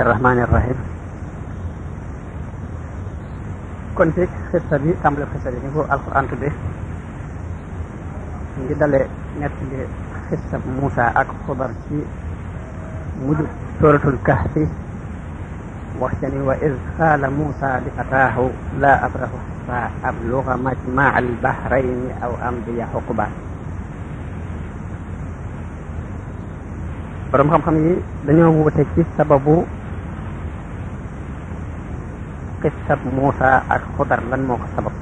الرحمن الرحيم kon fii xissa bi tàmbale xissa bi ni ko alquran tuddee ngi dalee nett li xissa Moussa ak xubar ci mujj suratul kahfi wax ca ni wa iz qaala Moussa li fataahu la abrahu hatta abluga majmaa al bahrayni aw amdiya xuqba borom xam-xam yi dañoo wuute ci sababu xissab Muusa ak Xudar lan moo ko sabab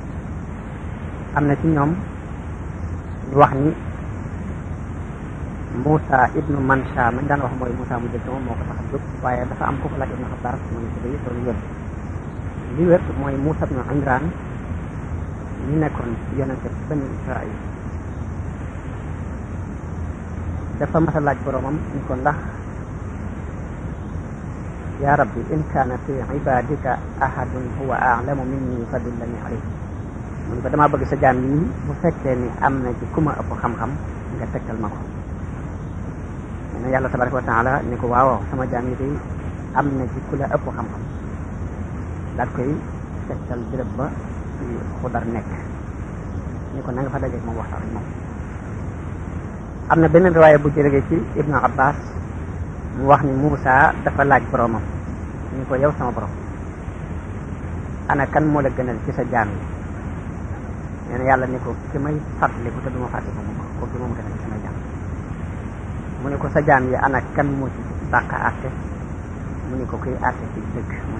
am na ci ñoom ñu wax ni Muusa ibnu Mansha mañ daan wax mooy Muusa mu jëkk moom moo ko tax a jóg dafa am ku ko laaj ibnu xabaar mu ne ko day loolu wér li wér mooy Muusa ibnu Imraan ñi nekkoon yonente bani Israil dafa mas laaj boromam ni ko la يا رب إن كان في عبادك أحد هو أعلم مني فدلني عليه mu ne ko damaa bëgg sa jaam yi bu fekkee ni am na ci ku ma ëpp xam-xam nga tegtal ma ko nee na yàlla tabaraka wa taala ni ko waaw sama jaam yi day am na ci ku la ëpp xam-xam daal koy tegtal béréb ba ci xudar nekk ni ko na nga fa dajeeg moom waxtaan ak moom am na beneen riwaaya bu jëlege ci ibnu abbas mu wax ni Muusa dafa laaj boroomam ñu ko yow sama borom ana kan moo la gënal ci sa jaam yi nee yàlla ni ko ki may fàttaliku te du ma fàttaliku mu ko kooku moom gënal ci sama jaam mu ne ko sa jaam yi ana kan moo ci dàq mu ni ko kuy àtte ci dëgg moo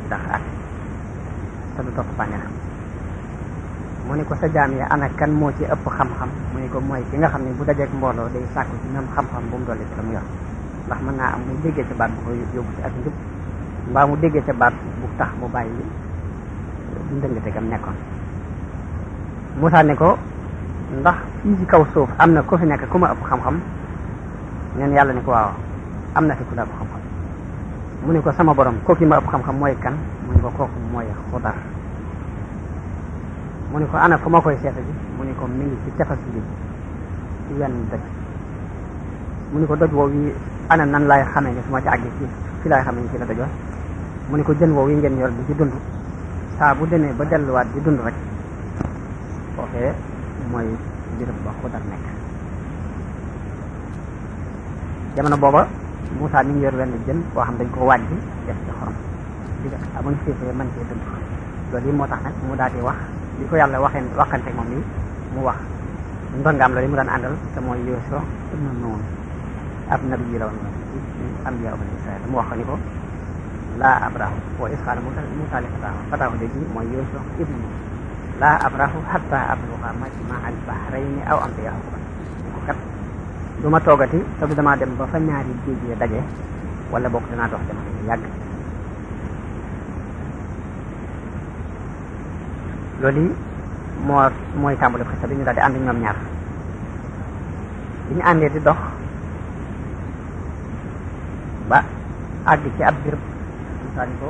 ne ko sa jaam yi ana kan moo ci ëpp xam-xam mu ne ko mooy ki nga xam ne bu dajeek mbooloo day sàkku ci même xam-xam bu mu dolli ci la mu yor ndax mën naa am mu déggee ci baat bu ko yóbbu ci ak njub mbaa mu déggee ca baat bu tax mu bàyyi ndëngate gam nekkoon Moussa ne ko ndax fii ci kaw suuf am na ku fi nekk ku ma ëpp xam-xam neen yàlla ni ko waaw am na fi ku la ëpp xam-xam mu ne ko sama borom kooku ma ëpp xam-xam mooy kan mu ne ko kooku mooy xudar mu ne ko ana ku ma koy seeta ji mu ni ko mi ngi ci tefas bi ci wenn doj mu ne ko doj woowu ana nan laay xamee ne su ma ci àggee fii fi laay xamee ne ci la doj wa mu ne ko jën woowu yi ngeen yor di ci dund saa bu demee ba delluwaat di dund rek foofee mooy bërëb ba xudar nekk jamono booba Moussa mi ngi yor wenn jën boo xam dañ ko waaj bi def ci xorom di def amuñ xiifee mën cee dund loolu yi moo tax nag mu daal di wax li ko yàlla waxee waxante moom nii mu wax am loolu yi mu daan àndal te mooy Yuusuf ibnu Nuun ab nabi yi la woon am mu wax ko ni ko laa abrahu wa isxaala Muusaa li fataahu fataahu léegi mooy Yuusuf ibnu Muusaa laa abrahu hatta abluga majma al bahrayni aw amdiya hukman ko kat du ma toogati te du damaa dem ba fa ñaari géej yi daje wala bokk danaa dox jamono yu loolu yi moo mooy tàmbali xisa bi ñu daal di ànd ñaar bi ñu àndee di dox ba àgg ci ab birëb saañ ko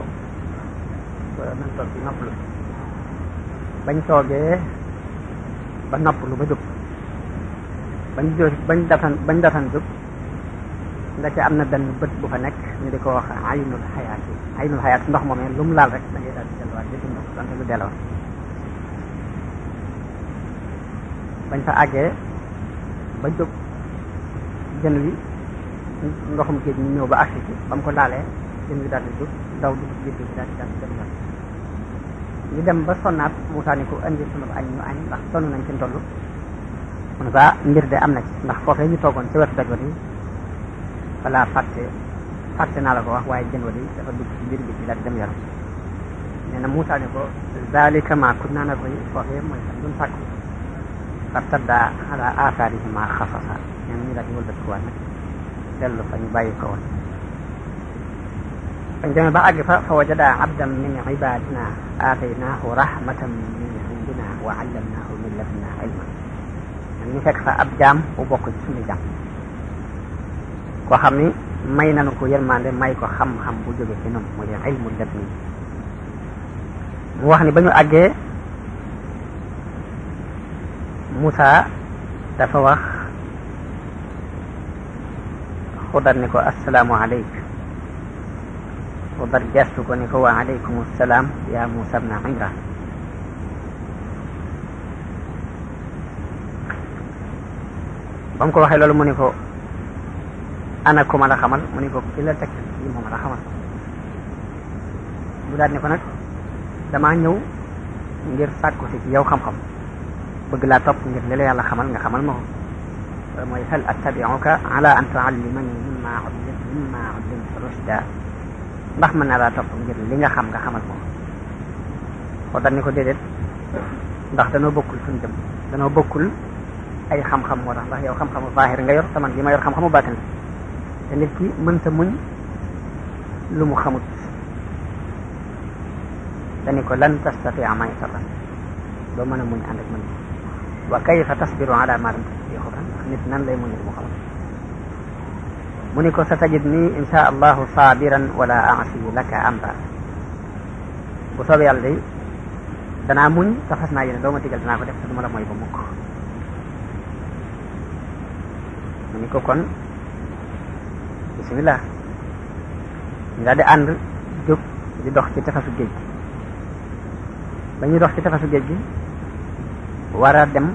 nañ toog ci noppalu bañ toogee ba noppalu ba jóg bañ jóg bañ datan bañ datan jóg nda ca am na benn bët bu fa nekk ñu di ko wax aynul xayaat yi aynul xayaat ndox moomee lu mu laal rek da ngay daal di delluwaat di dund donte lu delloo bañ fa àggee ba jóg jën wi ndoxum géej mi ñëw ba agsi ci ba mu ko laalee jën dem yoon ñu dem ba sonnaat wutaaniku indi sunu añ ñu añ ndax sonn nañ ci ndoll mu ne ah, mbir de am na ci ndax foofee ñu toogoon ci wetu doj wa di balaa fàtte fàtte naa la ko wax waaye jën wa di dafa dugg ci biir bi daal di dem yoon nee na ko zalika ma kunna koy foofee mooy sax duñ sàkku fa tadda ala aathaarihima xasasa nee na ñu daal di wëlbatikuwaat nag dellu fa ñu bàyyi ko woon bañ demee ba àgg fa fa wajada abdan min ibadina aataynaahu rahmatan min indina wa allamnaahu min ladunna ilma ñu fekk fa ab jaam bu bokk ci suñu jaam koo xam ni may nañu ko yërmande may ko xam-xam bu jóge ci ñoom mooy ilmu ladunni mu wax ni ba ñu àggee Moussa dafa wax xudan ni ko asalaamu aleyk Badar gestu ko ni ko wa aleykum salaam yaa Muusaa bna Imraan ba ko waxee loolu mu ni ko ana ku ma la xamal mu ni ko ki la teg lii la xamal bu daal ne ko nag damaa ñëw ngir sàkku si ci yow xam-xam bëgg laa topp ngir li la yàlla xamal nga xamal moo ko mooy hal attabi'uka ala an tu'allimani mimma 'allamta rushda ndax mën naa laa topp ngir li nga xam nga xamal moom ko dañ ni ko déedéet ndax danoo bokkul suñ jëm danoo bokkul ay xam-xam moo tax ndax xam-xamu zahir nga yor saman bi yor xam-xamu baatin te nit ki mënta muñ lu mu xamut dañu ko lan tastatia may sabran doo mën a muñ ànd ak mën wa kayfa tasbiru ala ma lam tastati xubran nit nan lay muñ lu mu mu ni ko sa tajid nii insha allahu sabiran wala ansi laka amra bu soobee yàlla day danaa muñ te fas naa yéene danaa ko def te la mooy ba mukk mu ni ko kon bismillah ñu daal di ànd jóg di dox ci tefasu géej ba ñuy dox ci tefasu géej gi war dem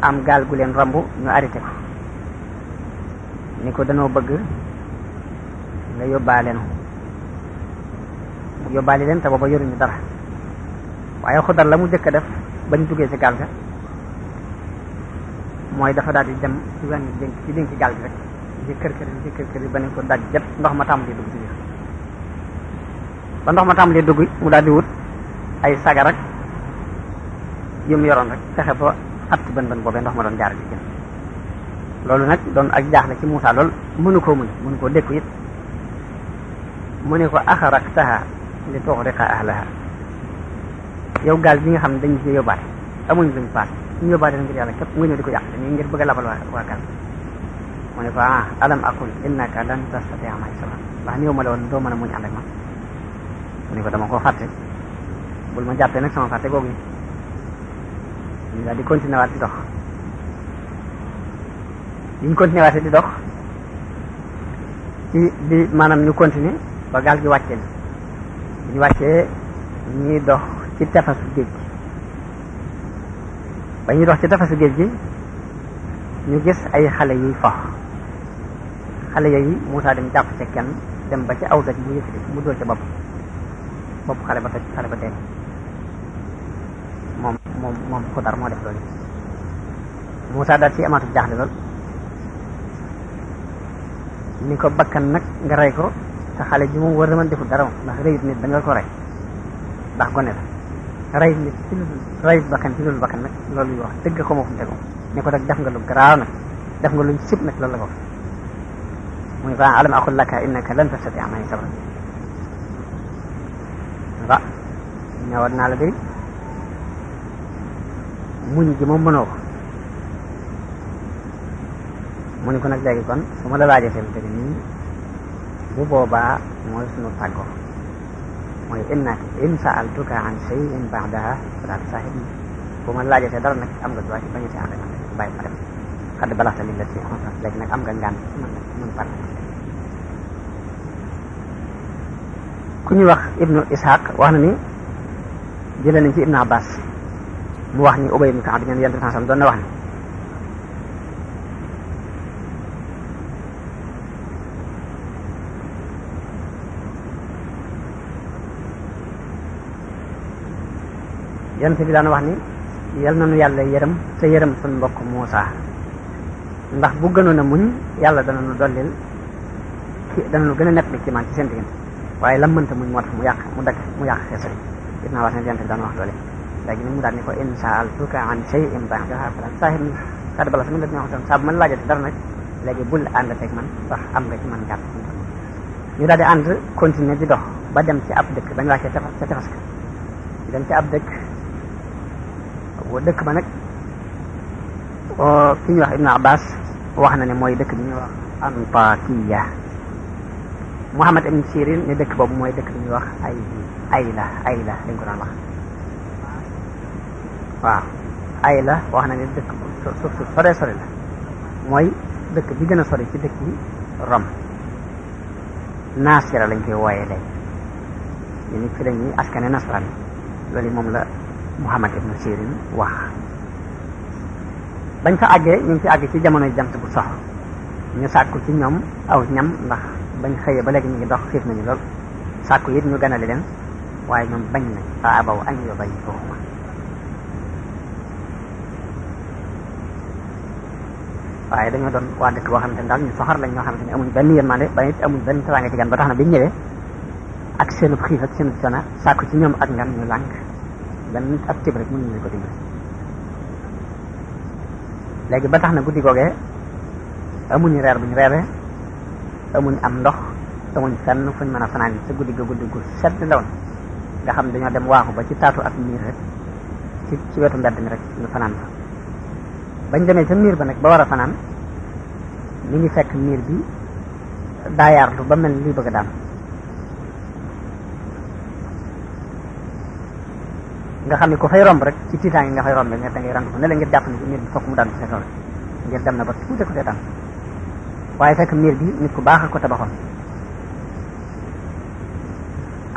am gaal gu leen romb ñu arrêté ni ko danoo bëgg nga yóbbaale nu yóbbaale leen te booba yoruñu dara waaye xudar la mu jëkk a def bañ duggee ci gaal ga mooy dafa daal di dem ci wàññi dénk ci dénk ci gaal gi rek di kër kër di kër kër ba ne ko daal jot ndox ma tàmbalee dugg ci biir ba ndox ma tàmbalee dugg mu daal di wut ay sagar ak yu mu yoroon rek fexe ba att bën bën boobee ndox ma doon jaar ci gën loolu nag doon ak jaax la ci Muusaa lool mënu koo muñ mënu koo dékku it mu ne ko axaraktaha li tuxriqa ahlaha yow gaal gi nga xam dañ dañu ci yóbbaate amuñ luñ paas ñu yóbbaate ngir yàlla képp nga ñëw di ko yàq dañuy ngir bëgg waa waa ne ko ah alam aqul innaka lan tastatia maay sabra ndax ma la woon doo mën a muñ ànd ak man mu ne ko dama koo fàtte bul ma jàppee nag sama fàtte googu ñu daal di continuer waat di dox ñu continué waate di dox ci di maanaam ñu continué ba gaal gi wàcce na ñu wàccee ñuy dox ci tefasu géej gi ba ñuy dox ci tefasu géej gi ñu gis ay xale yuy fox xale yooyu Moussa dem jàpp ca kenn dem ba ci aw daj mu yëkkati mu dóor ca bopp bopp xale ba toj xale ba dee moom moom moom xudar moo def loolu Moussa daal ci amaatu jaaxle lool ni ko bakkan nag nga rey ko te xale ji moom war na mën defu dara moom ni reyut nit da nga ko rey ndax gone la reyut nit ci lu reyut bakkan ci loolu bakkan nag wax dëgg ko moo fu tegu ni ko nag def nga lu garaaw nag def nga lu sib nag loolu la ko mu ne ko alam aqul laka innaka lan tastatia mani sabra wa ñëwaat naa la day mu gi moom mënoo mu ni ko nag léegi kon su ma la laajatee te nii bu boobaa mooy sunu tàggo mooy inna in saaltuka an shay'in ba'daha fala tusahibni bu ma laajatee dara am nga droit ci bañ a si li la si on am nga ngaan mën ku ñuy wax ibnu ishaq wax na ni jëlee nañ ci ibnu abbas mu wax ni ubay ibnu kaab ñeen yent doon na wax ni yonent bi daan wax ni yal nañu yàlla yërëm te yërëm suñ mbokk Muusa ndax bu gënoon a muñ yàlla dana nu dollil ci dana nu gën a nekk ci man ci seen diggante waaye lam mënta muñ mu tax mu yàq mu dag mu yàq xeesari ibna wax ne yonent bi daan wax doole léegi ni mu daal ko in sa'altuka an shay'in ba'daha fala sahibni kad bala sama wax doon saa bu ma laajate dara nag léegi bul ànd man wax am nga man jàpp ñu daal di continuer di dox ba dem ci ab dëkk bañ wàccee ca tefas ka dem ci ab dëkk wa dëkk ba nag ki ñuy wax ibnu abbas wax na ne mooy dëkk bi ñuy wax antakiya muhammad ibn sirin ne dëkk boobu mooy dëkk bi ñuy wax ay ayla ayla dañ ko daan wax waaw ayla wax na ne dëkk suuf sore sore la mooy dëkk bi gën a sori ci dëkk yi rom naasira lañ koy wooyee léegi ñu ni ci lañuy askane nasran loolu moom la Muhammad ibnu Sirin wax bañ fa àggee ñu ngi fi àgg ci jamonoy jant bu sox ñu sàkku ci ñoom aw ñam ndax bañ xëyee ba léegi ñu ngi dox xiif nañu lool sàkku it ñu ganale leen waaye ñoom bañ nañ fa abaw añ yo bañ foofu waaye dañoo doon waa dëkk boo xamante ne daal ñu soxar lañ ñoo xamante ne amuñ benn yërmande ba it amuñ benn teraanga ci gan ba tax na biñ ñëwee ak seenub xiif ak seenub coono sàkku ci ñoom ak ngan ñu lànk benn ak cib rek ko dimbali léegi ba tax na guddi googee amuñu reer bu ñu reeree amuñu am ndox amuñ fenn fuñ mën a fanaan yi sa guddi ga guddi gu sedd lawoon nga xam dañoo dem waaxu ba ci taatu ak miir rek ci ci wetu mbedd mi rek ñu fanaan fa bañ demee ca miir ba nag ba war a fanaan mu ngi fekk miir bi daayaarlu ba mel ni luy bëgg a daan nga xam ne ko fay romb rek ci tiitaan yi nga fay romb rek nga da ngay ko ne ngir jàpp ne miir bi fokk mu daan ci sa kaw ngir dem na ba tuute ko seetaan waaye fekk miir bi nit ku baax ko tabaxoon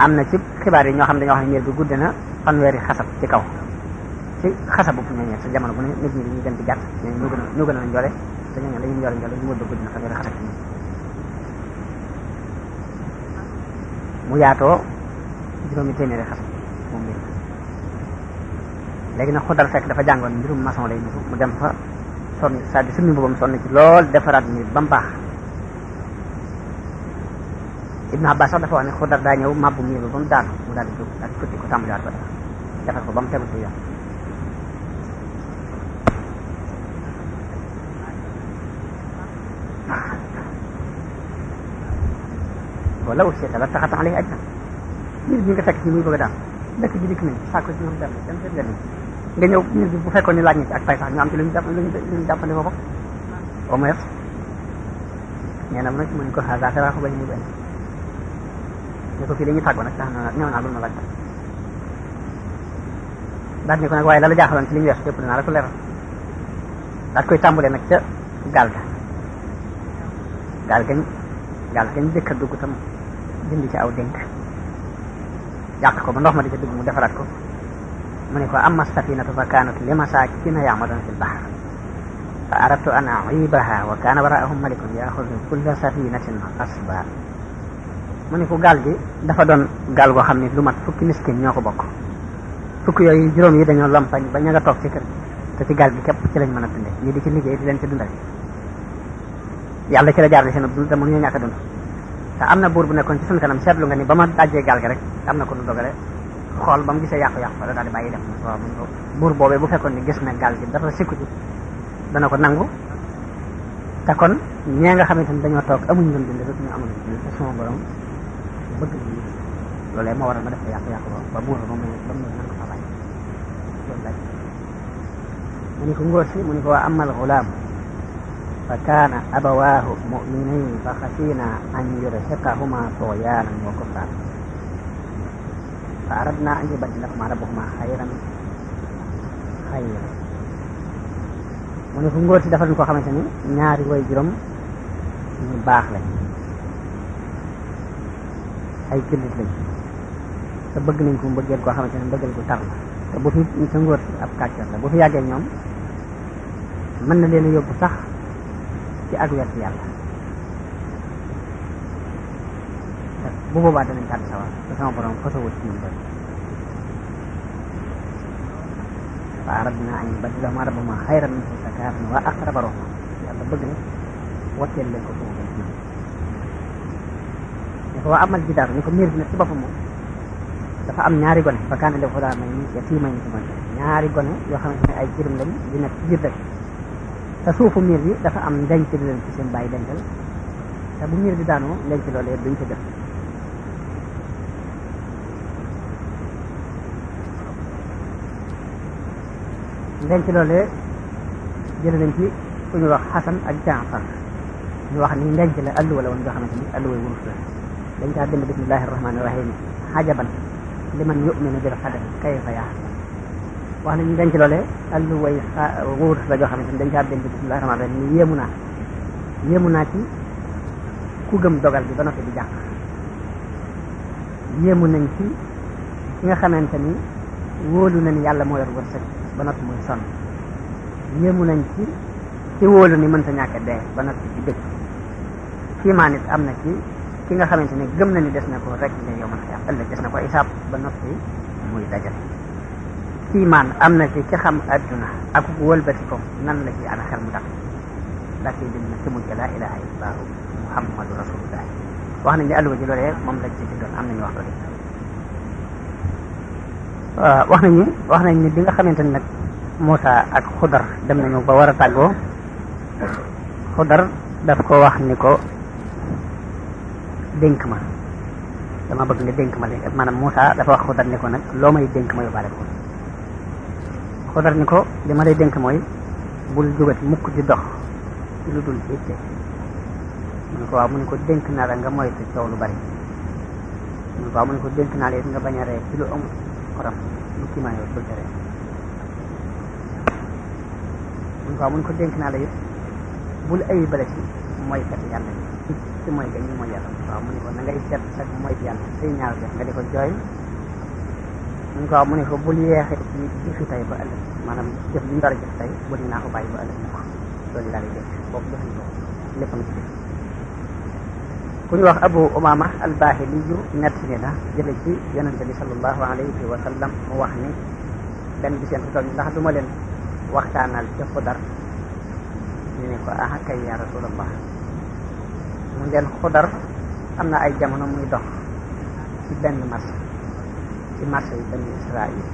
am na ci xibaar yi ñoo xam ne dañoo xam ne miir bi gudd na fanweeri xasab ci kaw ci xasab bu ñooñee sa jamono bu ne nit ñi dañuy dem di jàpp ñoo ñu gën a ñoo gën a njole te ñooñu dañuy njole njole ñu wëdd gudd na fanweeri xasab mu yaatoo juróomi téeméeri xasab moom miir léegi nag xudar fekk dafa jàngoon mbirum maçon lay musu mu dem fa sonn sa à dire suñu boppam sonn ci lool defaraat ni ba mu baax Ibn Abbas sax dafa wax ne xudar daa ñëw mabbu miir ba mu daanu mu daal di jóg ko tàmbaliwaat ko def defar ko ba mu tegu ci yoon walaw siita la taxat alayhi nga fekk ci muy bëgg a daan dëkk nga ñëw bu fekkoon ni laaj na ak pay sax ñu ñu jàpp lu ñu jàppandi ko ko na mu ko xaaral xaaral ko bañ ñu benn ne ko na ñëw naa lu waaye la la jaaxaloon ci li ñu koy tàmbalee nag ca gaal ga gaal gañ gaal gañ dugg tam dindi ci aw dénk yàq ko ba ndox ma di ca dugg mu defaraat ko mu ne ko amma safinatu fa kaanat li masaakina ya'maluuna fil bahr fa aradtu an a'iibahaa wa kaana waraa'ahum malikun ya'xudu kulla safinatin asba mu ne ko gaal gi dafa doon gaal goo xam ne lu mat fukki miskin ñoo ko bokk fukki yooyu juróom yi dañoo lompañ ba ña nga toog ci kër te ci gaal gi ci lañ mën a dunde di ci liggéey di leen ci dundal yàlla ci la jaar ne seen dund te mënuñu ñàkk a dund te am na buur bu nekkoon ci sunu kanam seetlu nga ni ba ma dajjee gaal gi rek am na ko nu dogale xool ba mu gisee yàqu-yàqu la daal di bàyyi dem waaw mun buur boobee bu fekkoon ni gis na gaal gi dafa sikku ci dana ko nangu te kon ñee nga xamante ni dañoo toog amuñ luñ dund rek ñu amul luñ sama moo waral ma def ko yàqu-yàqu ba buur ba mu mu ni ko ngóor si mu ni ko waa amal gulaam fa kaana abawaahu muminin fa xasiina an yurhiqahuma tugyaanan wa kufran naa fa aradna an yubaddilahuma rabbuhuma xayran xayran mu ne fu ngóor si defal koo xamante ni ñaari way juróom ñu baax lañ ay jullit lañ te bëgg nañ ko mu bëggeel koo xamante ne mbëggeel gu tar la te bu fi sa ngóor si ab kàccoor la bu fi yàggee ñoom mën na leen a yóbbu sax ci ak wet yàlla bu boobaa danañ tàbbi sawar te sama borom xësawul ci ñun doy fa aradna an yubaddilahuma rabbuhuma xayran minhu zakatan wa aqraba rahma yàlla bëgg na watteel leen ko sumu gën ci ñoom ne ko waa amal jidaaru ni dafa am ñaari gone fa kaana lahu ghulaaman yatiiman ñaari gone yoo xamante ne ay jirim lañ di nekk ci biir suufu miir bi dafa am ndenc lu leen ci seen bàyyi dencal te bu miir bi daanoo ndenc loolu yëpp duñ ci léegi ci loolee jële nañ ci ku ñu wax xasan ak jaafar ñu wax ni ndenc la alluwa la woon nga xamante ni alluwa wurus la dañ caa bind bismillahi rahmaani rahim xajaban liman yuminu bil xadar nañu denc loolee alluway wurus la joo xamante ni dañ caa bind bismillahi rahmaani yéemu naa yéemu naa ci ku gëm dogal bi ba noppi di jàq yéemu nañ ci ki nga xamante ni wóolu na ni yàlla moo yor wërsëg ba noppi muy sonn yéemu nañ ci ci wóolu ni mënta ñàkk dee ba noppi ci dëkk kiimaan am na ci ki nga xamante ni gëm na ni des na ko rek ne yow a yàq na ko isaab ba noppi muy dajale kiimaan am na ci ki xam adduna ak wëlbati ko nan la ci ana xel mu daq ndax yi dim na ci mujj laa ilaha illallahu muhammadu rasulullah wax nañ ne alluwa ji loolee moom lañ ci si doon am nañu wax loolu Euh, wax nañu wax nañ ni bi nga xamante ni nag Moussa ak Xudar dem nañu ba war a tàggoo Xudar daf ko wax ni ko dénk ma dama bëgg nga dénk ma léegi maanaam Moussa dafa wax Xudar ni ko nag loo may dénk ma yóbbaale ko Xudar ko li ma lay dénk mooy bul jógati mukk di dox ci lu ko dénk naa la nga moytu coow lu bari mu ne ko waaw mu ko dénk naa la nga bañ a ree ci lu amul xoram bukki maa yow bul tere mun ko mun ko dénk naa la it bul ay bale ci mooy kat yàlla ci ci mooy ga ñu mooy yàlla waaw ko na ngay seet mooy yàlla say ñaar def nga di ko jooy mun ko mu ne ko bul yeexe ci jëfi tey ba ëllëg maanaam jëf li ñu war a naa ko bàyyi ba ëllëg na ko loolu daal di dégg boobu joxañ ko ku ñu wax abu umama albahiliyu nett ni na jële ci yonente bi salallahu alayhi wa sallam mu wax ni benn bi seen tool ndax du ma leen waxtaanal ci xudar ñu ne ko ah kay ya rasulallah mu leen xudar am na ay jamono muy dox ci benn marché ci marché yi benn israil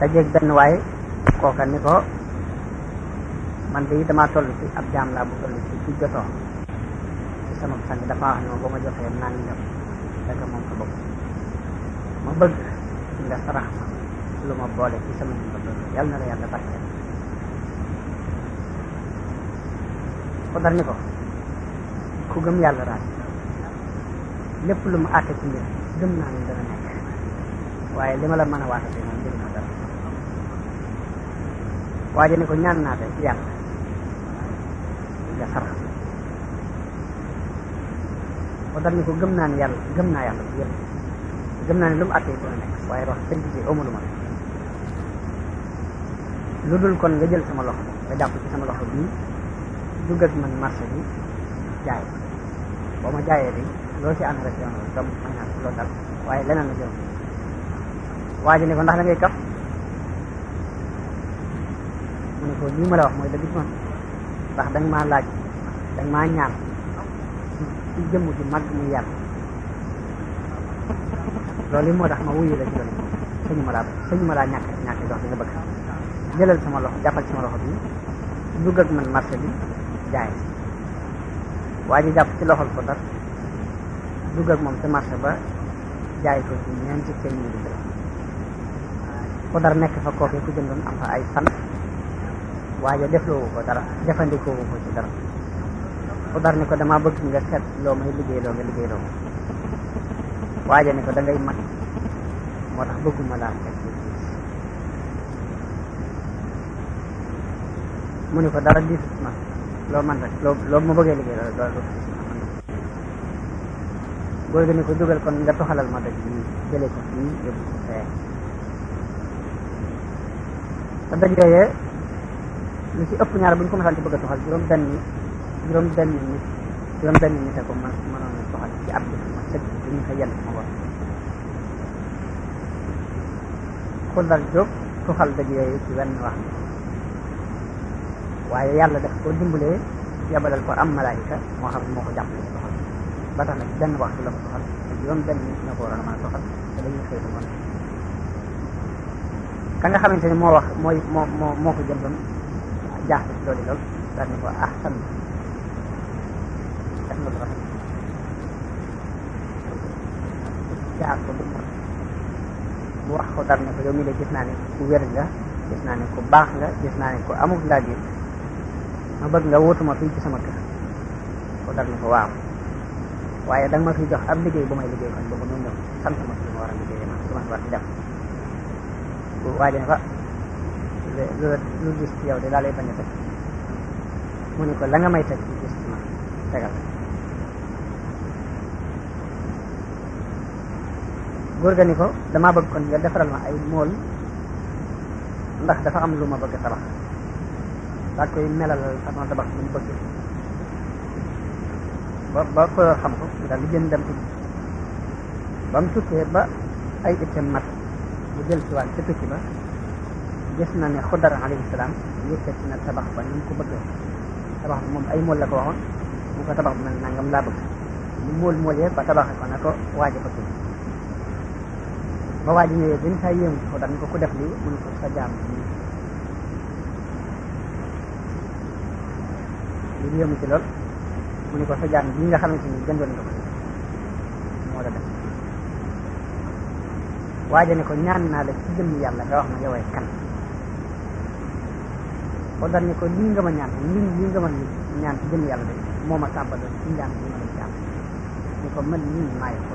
dajeeg benn waaye kooka ni ko man de damaa toll ci ab jaam laa bu toll ci ci sama sang dafa wax ne ma ba ma joxee nangam daga moom ko bopp ma bëgg nga sarax ma lu ma boole ci sama dund yàlla na la yàlla barkeel Xodar ni ko ku gëm yàlla raad lépp lu mu àtte ci gëm naa ne dana nekk waaye li ma la mën a waata bi moom gëm naa dara waaye ko ñaan naa de yàlla ba dal ni ko gëm naa ne yàlla gëm naa yàlla yëpp gëm naa ne lu mu àttee dina nekk waaye wax dëgg ci jël sama loxo nga jàpp ci sama loxo bii duggal man marché bi jaay boo ma jaayee bi loo ci ànd rek yoon la am naa loo dal waaye leneen la jëm waa ji ne ko ndax da kaf mu ne ko lii ma la wax mooy dëgg ci man ndax da maa laaj da maa ñaan ci jëmm ju mag muy yàlla loolu moo tax ma wuyu la ci loolu sañu ma laa sañu ma laa ñàkk ñàkk dox li nga bëgg jëlal sama loxo jàppal sama loxo bi dugg ak man marché bi jaay waa jàpp ci loxol ko dar dugg ak moom ci marché ba jaay ko ci ñeenti téeméeri dërëm ko dar nekk fa kooke ku jëndoon am fa ay fan waaye defloowu ko dara jëfandikoowu ko ci dara Udar ni ko damaa bëgg nga seet loo may liggéey loo nga liggéey loo waaja ni ko da ngay moo tax bëgguma laa seet mu ni ko dara diisut ma loo man rek loo loo ma bëggee liggéey loo dara góor gi ni ko jógal kon nga toxalal ma daj yi ko fii yóbbu ko fee te daj yooyee lu ci ëpp ñaar bu ñu ko masaan ci bëgg a toxal juróom benn juróom benn nit juróom ci ab dëkk ma sëkk bi ñu fa yenn ma war xuldal jóg tuxal dëgg yooyu ci wenn wax waaye yàlla daf ko dimbalee yabalal ko am malaayika ko jàppale soxal ba tax nag benn waxtu la ko soxal te juróom benn nit a mën a ka nga xamante ni moo wax mooy moo moo moo ko jëndoon loolu lool daal ni ko ah, nga ko bu wax ko dara ne ko yow mii de gis naa ne ku wér nga gis naa ne ku baax nga gis naa ne ku amul laaj yi ma bëgg nga wutuma fii sama kër ko dara ne ko waaw waaye da nga ma fi jox am liggéey bu may liggéey kon boobu noonu ñëw sant ma fi ma war a liggéey ma bu waaje ne ko lu gis ci yow de laa lay bañ a teg mu ne ko la nga may teg ci gis ma tegal góor ga ni ko damaa bëgg kon nga defaral ma ay mool ndax dafa am lu ma bëgg tabax daa koy melalal façon tabax bu bëgg ba ba ko xam ko mu daal di jën dem tukki ba mu tukkee ba ay itam mat bu jël si waat ca ba gis na ni xudar alayhi salaam yëkkati na tabax ba ni mu ko bëggee tabax bi moom ay mool la ko waxoon mu ko tabax bi nangam laa bëgg mu mool mool yee ba tabaxe ko na ko waaja bëgg ba waa ji ñëwee dañ saa yéemu ko dañ ko ku def lii mu ne ko sa jaam bi yéemu ci lool mu ne ko nga xamante ni jëndoon nga ko moo la ko ñaan naa la ci jëmm yàlla nga wax ma yowee kan ko dal ne ko lii nga ma ñaan lii lii nga ma ñaan ci jëmm yàlla de moo ma tàmbaloon ci ñaan bi ma la jàmm ni ko man lii maay ko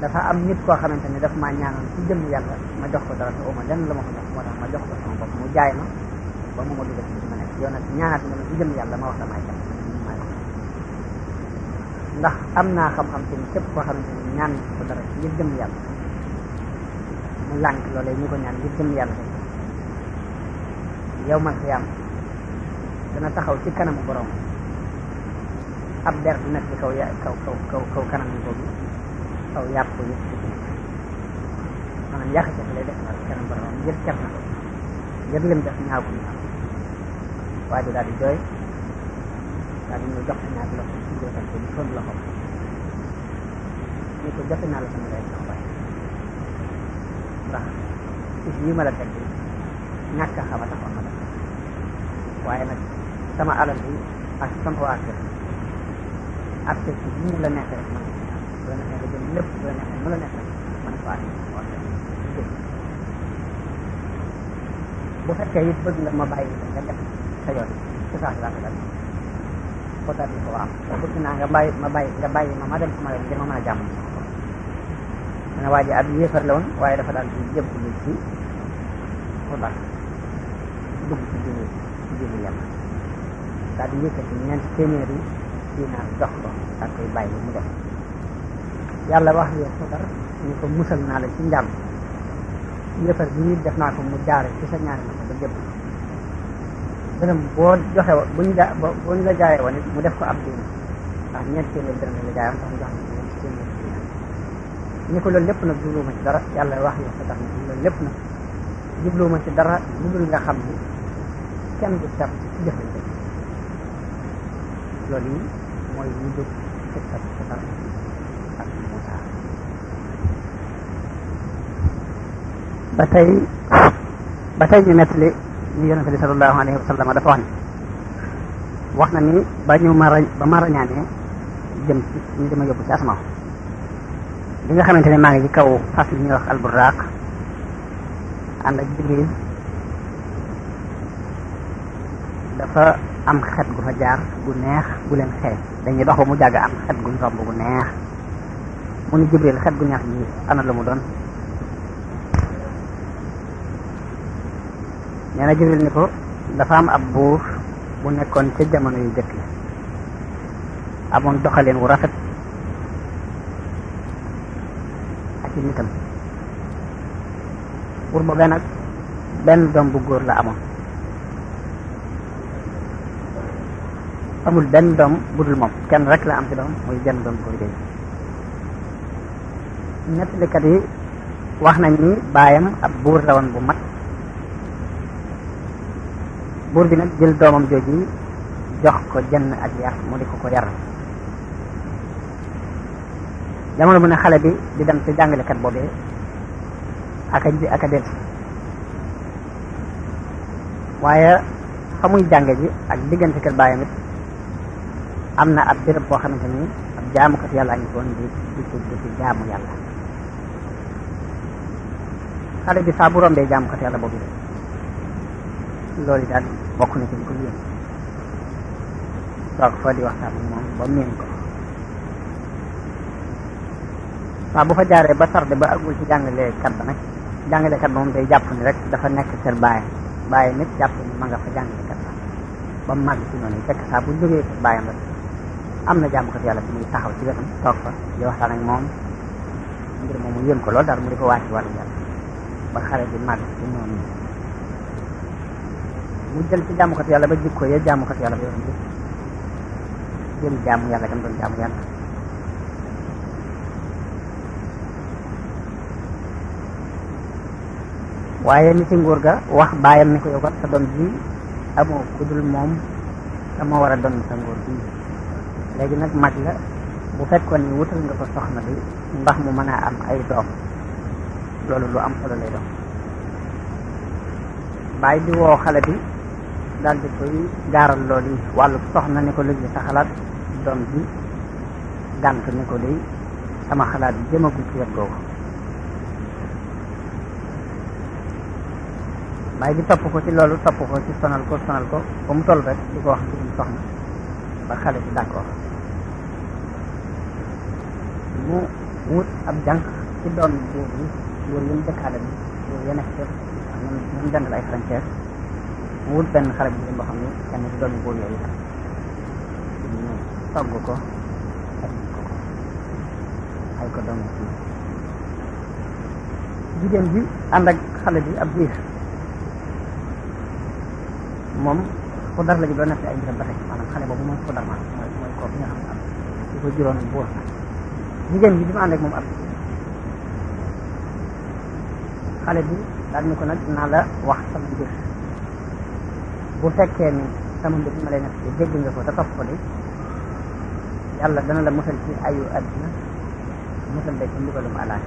dafa am nit koo xamante ne daf maa ñaanoon ci jëmm yàlla ma jox ko dara te oma lenn la ma ko jox moo tax ma jox ko sama bopp mu jaay ma ba mu ma dugal ci ma nekk yow ñaanaat nga ma jëmm yàlla ma wax la maay jàpp ndax am naa xam-xam te ni képp koo xamante ne ñaan ko dara ngir jëmm yàlla mu lànk loolee ñu ko ñaan ngir jëmm yàlla yow man xiyaam dana taxaw ci kanamu borom ab der du nekk ci kaw kaw kaw kaw kaw kanamu boobu aw yàpp yi maanaam yàq ci lay def daal kanam borom ngir ker na ko ngir lim def ñaaw ji daal di jooy daal di ñëw jox ñaari loxo ci jóotal ko ñu fóon loxo ni ko joxe la sama lay jox waaye ndax ci yi ma la teg ñàkk a xam a taxoon ma la waaye nag sama alal bi ak sama waa kër ak ci yi la nekk rek man la neexee nga jël lépp bu la neexee nu la neexee mën ko ànd woon bu fekkee it bëgg nga ma bàyyi nga def sa yoon di ko nga a jàmm mu ne waa dafa daal di jëb dugg ci diine ci diine yàlla daal di yëkkati ñeenti téeméeri jox ko daal koy bàyyi mu def yàlla wax yéefar ñu ko musal naa la ci njàmm yéefar bi def naa ko mu jaare ci sa ñaari na ko ba jëpp dërëm boo joxe woon buñ la mu def ko am diin ndax ni ko loolu lépp nag jubluwuma ci dara yàlla wax yéefar tax ni loolu lépp nag jubluwuma ci dara jublu nga xam ni kenn du tar ci jëfante loolu yi mooy ñu jóg ci sa ba tey ba tey ñu nettali ñu yonente bi sallallahu alayhi wa wax na ni ba ñu mara ba marañaane jëm ci ñu dama yóbbu ci asmaaw bi nga xamante ne maa ngi ci kaw fas li ñuy wax alburaaq ànd ak jibril dafa am xet gu fa jaar gu neex gu leen xeeñ dañuy dox ba mu jàgg am xet gu romb gu neex mu ni jibril xet gu neex gi ana la mu doon nee na Jibril ni ko dafa am ab buur bu nekkoon ca jamono yi jëkk yi amoon doxaliin wu rafet ak i nitam buur boobee benn doom bu góor la amoon amul benn doom bu dul moom kenn rek la am ci doom muy jenn doom bu góor jooju nettalikat yi wax nañ baayam ab buur la woon bu mag buur bi nag jël doomam jooju jox ko jenn ak yar mu di ko ko yar jamono bu ne xale bi di dem si jàngalekat boobee ak a ji ak a del waaye fa jànge ji ak diggante kër baayam it am na ab béréb boo xamante ni ab jaamukat yàlla ngi woon di yàlla xale bi saa bu rombee jaamukat yàlla boobu loolu daal bokk na ci di ko yéen toog fa di waxtaan ak moom ba bu fa jaaree ba tarde ba àggul ci jàngalekat ba nag jàngalekat ba moom day jàpp ni rek dafa nekk kër baayam bàyyi nit jàpp ni ma nga fa jàngalekat ba ba mu màgg fekk saa bu jógee kër baayam am na jàmm ko yàlla taxaw ci wetam toog fa di moom ngir moom mu yéem ko lool daal mu di ko wàcc wàllu yàlla ba xale bi màgg ci noonu mu jël ci jaamukat yàlla ba jikko ya jaamukat yàlla ba yoroon yëpp jël jaamu yàlla gam doon jaamu yàlla waaye ni ci nguur ga wax baayam ni ko yow kat sa doom ji amoo ku moom dama war a doon sa nguur gi léegi nag mag la bu fekkoon ni wutal nga ko soxna bi ndax mu mën a am ay doom loolu lu am solo lay doon bàyyi di xale bi daal di koy gaaral loolu yi wàllu soxna ne ko léegi sa xalaat doom bi gànt ne ko day sama xalaat bi jëmagul ci wet googu waaye di topp ko ci loolu topp ko ci sonal ko sonal ko ba mu toll rek di ko wax ci soxna ba xale bi d'accord mu wut ab jànq ci doon buur bi buur yi mu dëkkaale bi buur yeneen ak ñoom ñoom jëndal ay frontières mu wut benn xale bu jigéen boo xam ni kenn ci doomi góor yooyu ñu togg ko ay ko doomi ci jigéen bi ànd ak xale bi ab diir moom xudar la ji doon nekk ay mbiram ba tey maanaam xale boobu mooy xudar ma mooy mooy koo bi nga xam ko juróon buur na jigéen bi bi mu ànd ak moom ab xale bi daal ni ko nag naa la wax sama bu fekkee ni sama mbir ma lay nekk dégg nga ko te topp ko yàlla dana la musal ci ayu àddina musal la ci mbugalum alaat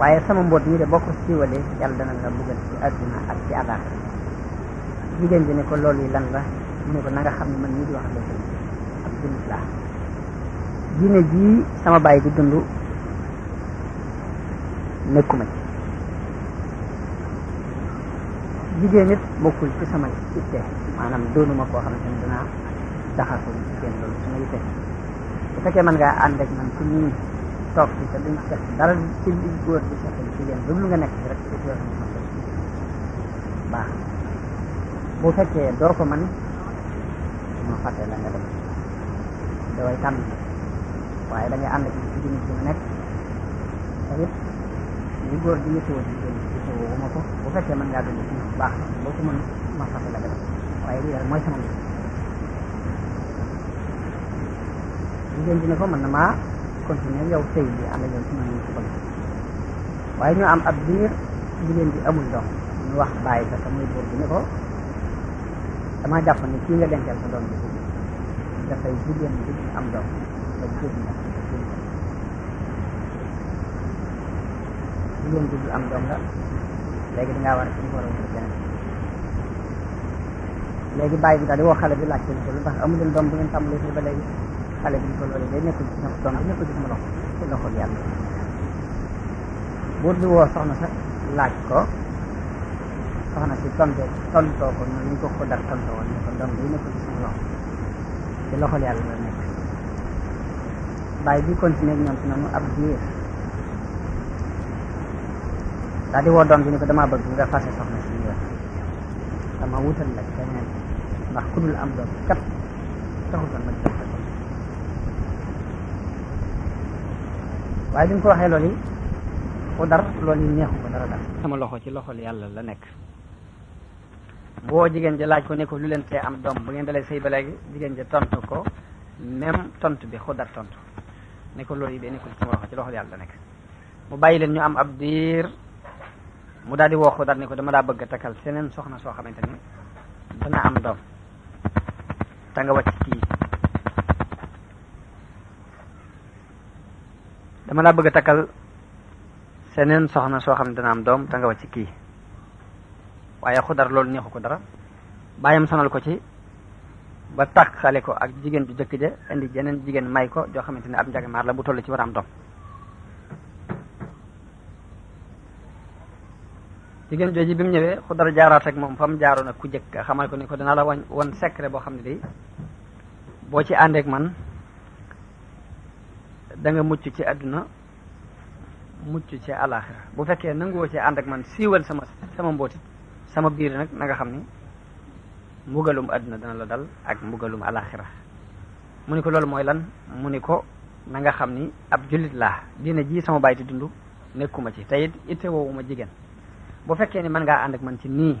waaye sama mboot mi de boo ko siiwalee yàlla dana la ci àddina ak ci alaat jigéen bi ne yi lan la mu ne ko na xam ne man ñi di wax la ak jii sama bàyyi di dund nekkuma ci jigéen it bokkul ci sama ittee maanaam doonuma koo xam ne dinaa jaxasoo jigéen loolu sama ittee bu fekkee mën ngaa ànd ak man ci nii toog ci te duñ fekk dara ci li góor di fekk jigéen lu nga nekk ci rek bu fekkee doo ko man ma fàtte la nga dem daway tànn waaye da ànd ak jigéen ci mu nekk te li góor gi ñu tëwoon gisoo ma ko bu fekkee mën ngaa dund ci baax na boo ko mën ma fase la nga def waaye lii rek mooy sama mbir jigéen ji ko mën na maa continuer yow sëy bi ànd yow ci ñoom ñu ko ñu am ab biir jigéen ji amul doom nu wax bàyyi sa te muy góor gi ne ko damaa jàpp ne kii nga dencal sa doom bi dafay jigéen bi am doom ba jigéen jigéen ji du am doom la léegi dangaa war a suñu war a léegi bàyyi bi daal di woo xale bi laajte ni ko lu doom bu ngeen tàmbalee fii léegi xale bi ni ko loolu day nekkul ci sama doom bi nekkul ci sama loxo ci woo soxna sax laaj soxna si tonte tontoo ko noonu ñu ko ko dar tontoo woon ne ko doom bi nekkul ci sama loxo ci loxol yàlla la nekk bàyyi bi continuer ñoom ci noonu ab daal di woo doom bi ni ko damaa bëgg nga fase soxna si ñu wax dama wutal la keneen ndax ku dul am doom kat taxutoon ko waaye bi waxee loolu yi ku dar sama loxo ci loxol yàlla la nekk boo jigéen ja laaj ko ne ko lu leen tee am doom bu ngeen dalee sëy ba léegi jigéen ja tontu ko même tontu bi xudar tontu ne ko loolu yi bee nekkul sama loxo ci loxol yàlla la nekk mu ñu am ab diir mu daal di woo ko daal ne ko dama laa bëgg a takkal seneen soxna soo xamante ni dana am doom ta kii dama laa bëgg a takkal seneen soxna soo xam ne dana am doom ta nga wàcc kii waaye xudar loolu neexu ko dara bàyyam sonal ko ci ba takkale ko ak jigéen ju jëkk ja indi jeneen jigéen may ko joo xamante ne ab njagamaar la bu ci war am doom jigéen jooju bi mu ñëwee Xudar jaaraat ak moom fa mu jaaroon ak ku jëkk xamal ko ni ko dinaa la wañ wan secret boo xam ne day boo ci àndeek man danga mucc ci àdduna mucc ci alaxira bu fekkee nanguwoo ci ànd ak man siiwal sama sama mbooti sama biir nag na nga xam ni mbugalum àdduna dana la dal ak mbugalum alaxira mu ni ko loolu mooy lan mu ni ko na nga xam ni ab jullit laa dina ji sama bàyyi di dund nekkuma ci tey it ittewoowuma jigéen bu fekkee ni mën ngaa ànd ak man ci nii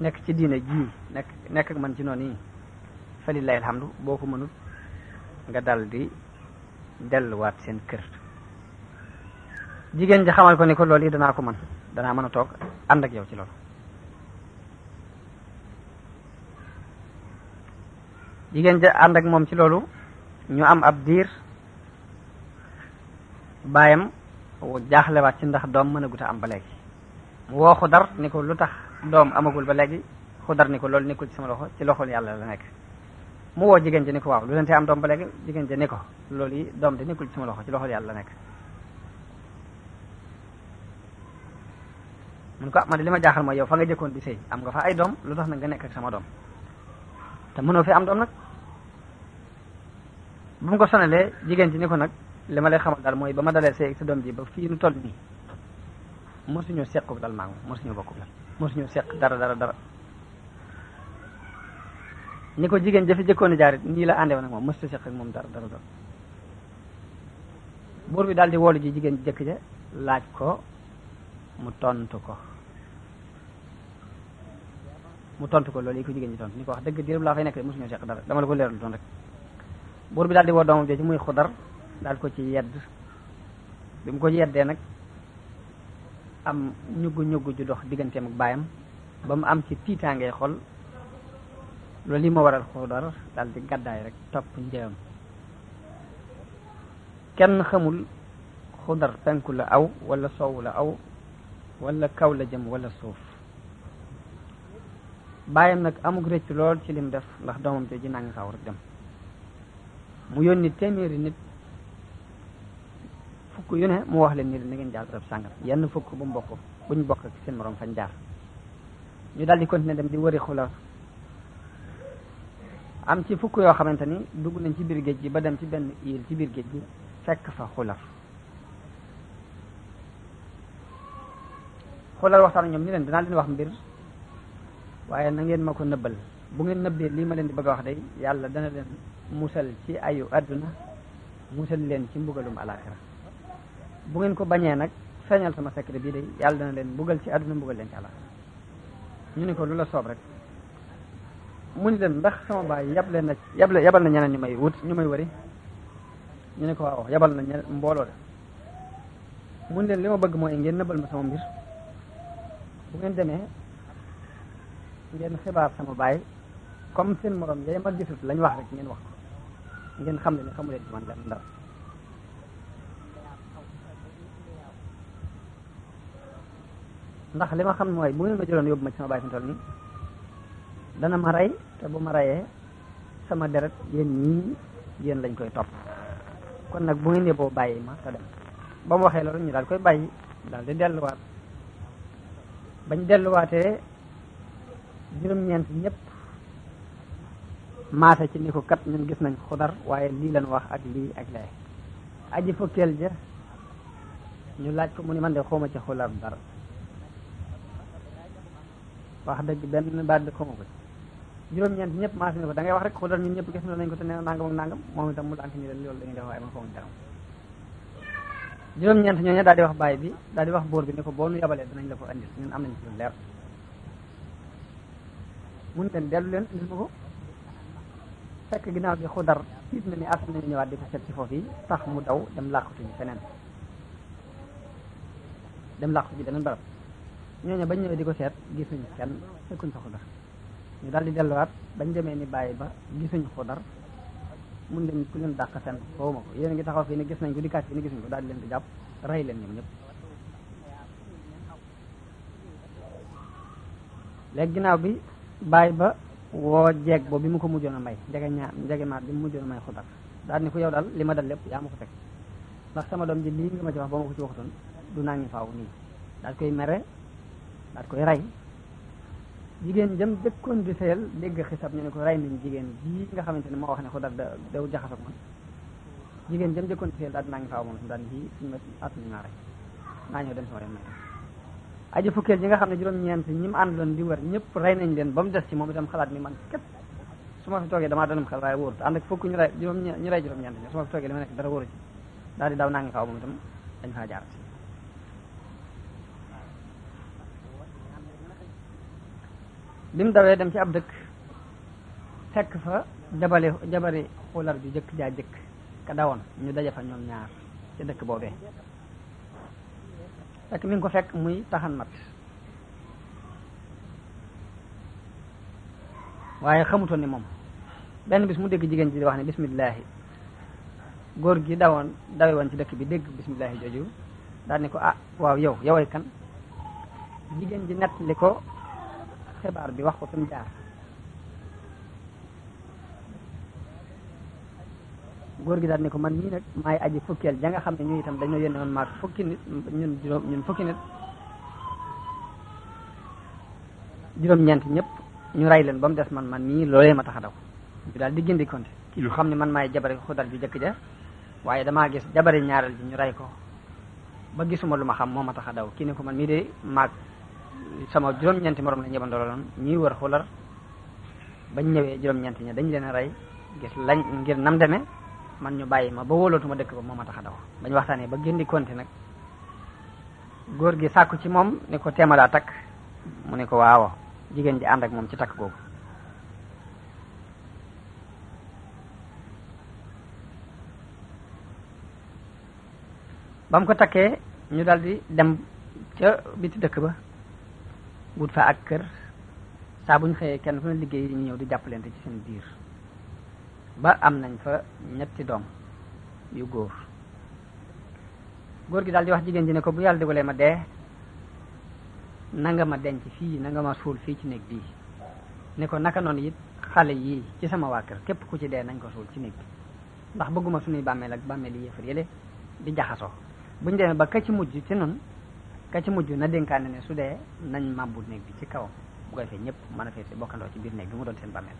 nekk ci diine jii nekk nekk man ci noonu nii fa lillahi alhamdu boo ko mënul nga dal di delluwaat seen kër jigéen ji xamal ko ni ko loolu danaa ko mën danaa mën a toog ànd ak yow ci loolu jigéen ja ànd ak moom ci loolu ñu am ab diir baayam jaaxlewaat ci ndax doom mën a guta am ba léegi woo xudar ni ko lu tax doom amagul ba léegi xudar ni ko loolu nekkul ci sama loxo ci loxol yàlla la nekk mu woo jigéen ji ni ko waaw lu leen tee am doom ba léegi jigéen ji ni ko loolu doom de nekkul ci loxo ci loxol yàlla la nekk mun ko ah, li ma jaaxal mooy yow fa nga jëkkoon di sëy am nga fa ay doom lu tax nag nga nekk sama doom te mënoo am doom nag bu mu ko sonalee jigéen ji ni ko nag li ma lay xamal daal mooy ba ma dalee see sa doom ji ba fii nu toll nii mosuñu sequb dal maangu mosuñu bokkub dal mosuñu seq dara dara dara ni ko jigéen jafe jëkkoon jaar nii la àndewoon ak moom mosuñu seq moom dara dara dara buur bi daal di woolu ji jigéen jëkk ja laaj ko mu tontu ko mu tontu ko loolu yi ko jigéen ji tontu ni ko wax dëgg diirub laa fay nekk de mosuñu seq dara dama la ko leerlu doon rek buur bi di woo doomam jooju muy xudar daal ko ci yedd bi mu ko yeddee nag am ñuggu ñuggu ju dox digganteem ak baayam ba mu am ci tiitaangee xol loolu li ma waral Xudar daal di gàddaay rek topp njëyam kenn xamul Xudar penku la aw wala sowu la aw wala kaw la jëm wala suuf baayam nag amug rëcc lool ci lim def ndax doomam jooju naa xaw rek dem mu yónni téeméeri nit fukk yu ne mu wax leen ni na ngeen jaar barab sàngam yenn fukk bu mu bokk ñu bokk ak seen morom fañ jaar ñu daal di continuer dem di wari xula am ci fukk yoo xamante ni dugg nañ ci biir géej gi ba dem ci benn île ci biir géej gi fekk fa xulaf xulal waxtaan ñoom ñu leen dinaa leen wax mbir waaye na ngeen ma ko nëbbal bu ngeen nëbbee lii ma leen di bëgg a wax day yàlla dana leen musal ci ayu àdduna musal leen ci mbugalum alaaxira bu ngeen ko bañee nag feeñal sama secret bii de yàlla dana leen mbugal ci àdduna mbugal leen ci àlla ñu ni ko lu la soob rek mu ni leen ndax sama baay yable na yable yabal na ñeneen ñu may wut ñu may wari ñu ne ko waaw yabal na ñeneen mbooloo de mu ni leen li ma bëgg mooy ngeen nëbbal ma sama mbir bu ngeen demee ngeen xibaar sama baay comme seen morom yay ma gisut lañ wax rek ngeen wax ko ngeen xam ne ne xamuleen ci man dara ndax li ma xam mooy bu ngeen ma jëloon yóbbu ma ci sama baay fi toll nii dana ma rey te bu ma reyee sama deret yéen ñii yéen lañ koy topp kon nag bu ngeen yeboo bàyyi ma te dem ba mu waxee loolu ñu daal koy bàyyi daal di delluwaat bañ delluwaatee juróom-ñeent ñëpp maase ci ni ko kat ñun gis nañ xudar waaye lii lañ wax ak lii ak lay aji fukkeel ja ñu laaj ko mu ni man de xawma ci xudar dara wax dëgg benn baat bi xamu ko ci juróom-ñeent ñëpp maas na ko da ngay wax rek xudal ñun ñëpp gis na nañ ko te nee nangam ak nangam moom itam mu lànk ñu leen loolu dañuy def waaye man xamuñ dara juróom-ñeent ñooñu daal di wax bàyyi bi daal di wax buur bi ne ko boo nu yabalee la ko andil ñun am nañ ci lu leer mun leen dellu leen indil ko fekk ginnaaw gi xudar tiit ni as ñëwaat di ko seet ci foofu yi tax mu daw dem làqatu ñu feneen dem làqatu ji beneen barab ñooñu bañ ñëwee di ko seet gisuñ kenn fekkuñ fa xudar ñu daal di delluwaat bañ demee ni bàyyi ba gisuñ xudar mun leen ku leen dàq seen foofu ma ko yéen a taxaw fii ni gis nañ ko dikkaat fii ni gisuñ ko daal leen di jàpp rey leen ñoom ñëpp léegi ginnaaw bi bàyyi ba woo jeeg boobu bi mu ko mujjoon a may njege ñaar njege maat bi mu mujjoon a may xudar daal ni ko yow daal li ma dal lépp yaa ma ko teg ndax doom ji lii nga ma ci wax ba ma ko ci waxutoon du naa ngi faw nii daal koy mere daat yi rey jigéen jëm dëkkoon di seyal dégg xisab ñu ne ko rey nañ jigéen jii nga xamante ne moo wax ne ko da daw jaxas ak man jigéen jëm dëkkoon di seyal daal naa ngi faaw moom su daan ji suñu atuñu naa rey naa ñëw dem sama yoon may aji fukkeel ji nga xam ne juróom-ñeent ñi mu àndaloon di wër ñëpp rey nañ leen ba mu des ci moom itam xalaat mi man képp su ma toogee damaa danum xel waaye wóorut ànd ak fukk ñu rey juróom ñu rey juróom-ñeent ñi su ma naa ngi faaw moom itam dañ faa jaar bi mu dawee dem ci ab dëkk fekk fa jabali jabari xular ju jëkk jaa jëkk ka dawoon ñu daje fa ñoom ñaar ci dëkk boobe fekk mi ko fekk muy taxan mat waaye xamutoon ni moom benn bis mu dégg jigéen ji di wax ne bismillahi góor gi dawoon dawe woon ci dëkk bi dégg bismillahi jooju daal ko ah waaw yow yoway kan jigéen ji nett li ko xibaar bi wax ko fi mu jaar góor gi daal ni ko man mii nag maay aji fukkeel ja nga xam ne ñu itam dañoo yónne woon maak fukki nit ñun juróom ñun fukki nit juróom-ñeent ñëpp ñu ray leen ba mu des man man mii loolee ma tax a daw ñu daal di gindi konte ki xam ne man maay jabari xudar ju jëkk ja waaye damaa gis jabari ñaareel ji ñu ray ko ba gisuma lu ma xam moom ma tax a daw kii ne ko man mii de maag sama juróom-ñeenti morom la ñebandoloon ñuy wër xular bañ ñëwee juróom-ñeenti ña dañ leen a rey gis lañ ngir nam deme man ñu bàyyi ma ba wóolootuma dëkk ba moo ma tax a daw bañ waxtaanee ba di konti nag góor gi sàkku ci moom ni ko teema laa takk mu ne ko waaw jigéen ji ànd ak moom ci takk googu bam ko takkee ñu daldi dem ca biti dëkk ba wut fa ak kër saa bu ñu xëyee kenn fu ne liggéey ñu ñëw di jàppalante ci seen biir ba am nañ fa ñetti doom yu góor góor gi daal di wax jigéen ji ne ko bu yàlla dogalee ma dee na nga ma denc fii na nga ma suul fii ci néeg bii ne ko naka noonu it xale yii ci sama waa kër képp ku ci dee nañ ko suul ci néeg bi ndax bëgguma suñuy bàmmeel ak bàmmeel yi yéefar yële di jaxasoo buñ demee ba ka ci mujj ci nun ka ci mujj na dénkaane ne su dee nañ màbbu néeg bi ci kawam bu fee ñëpp mën a fees bokkandoo ci biir néeg bi mu doon seen bàmmeel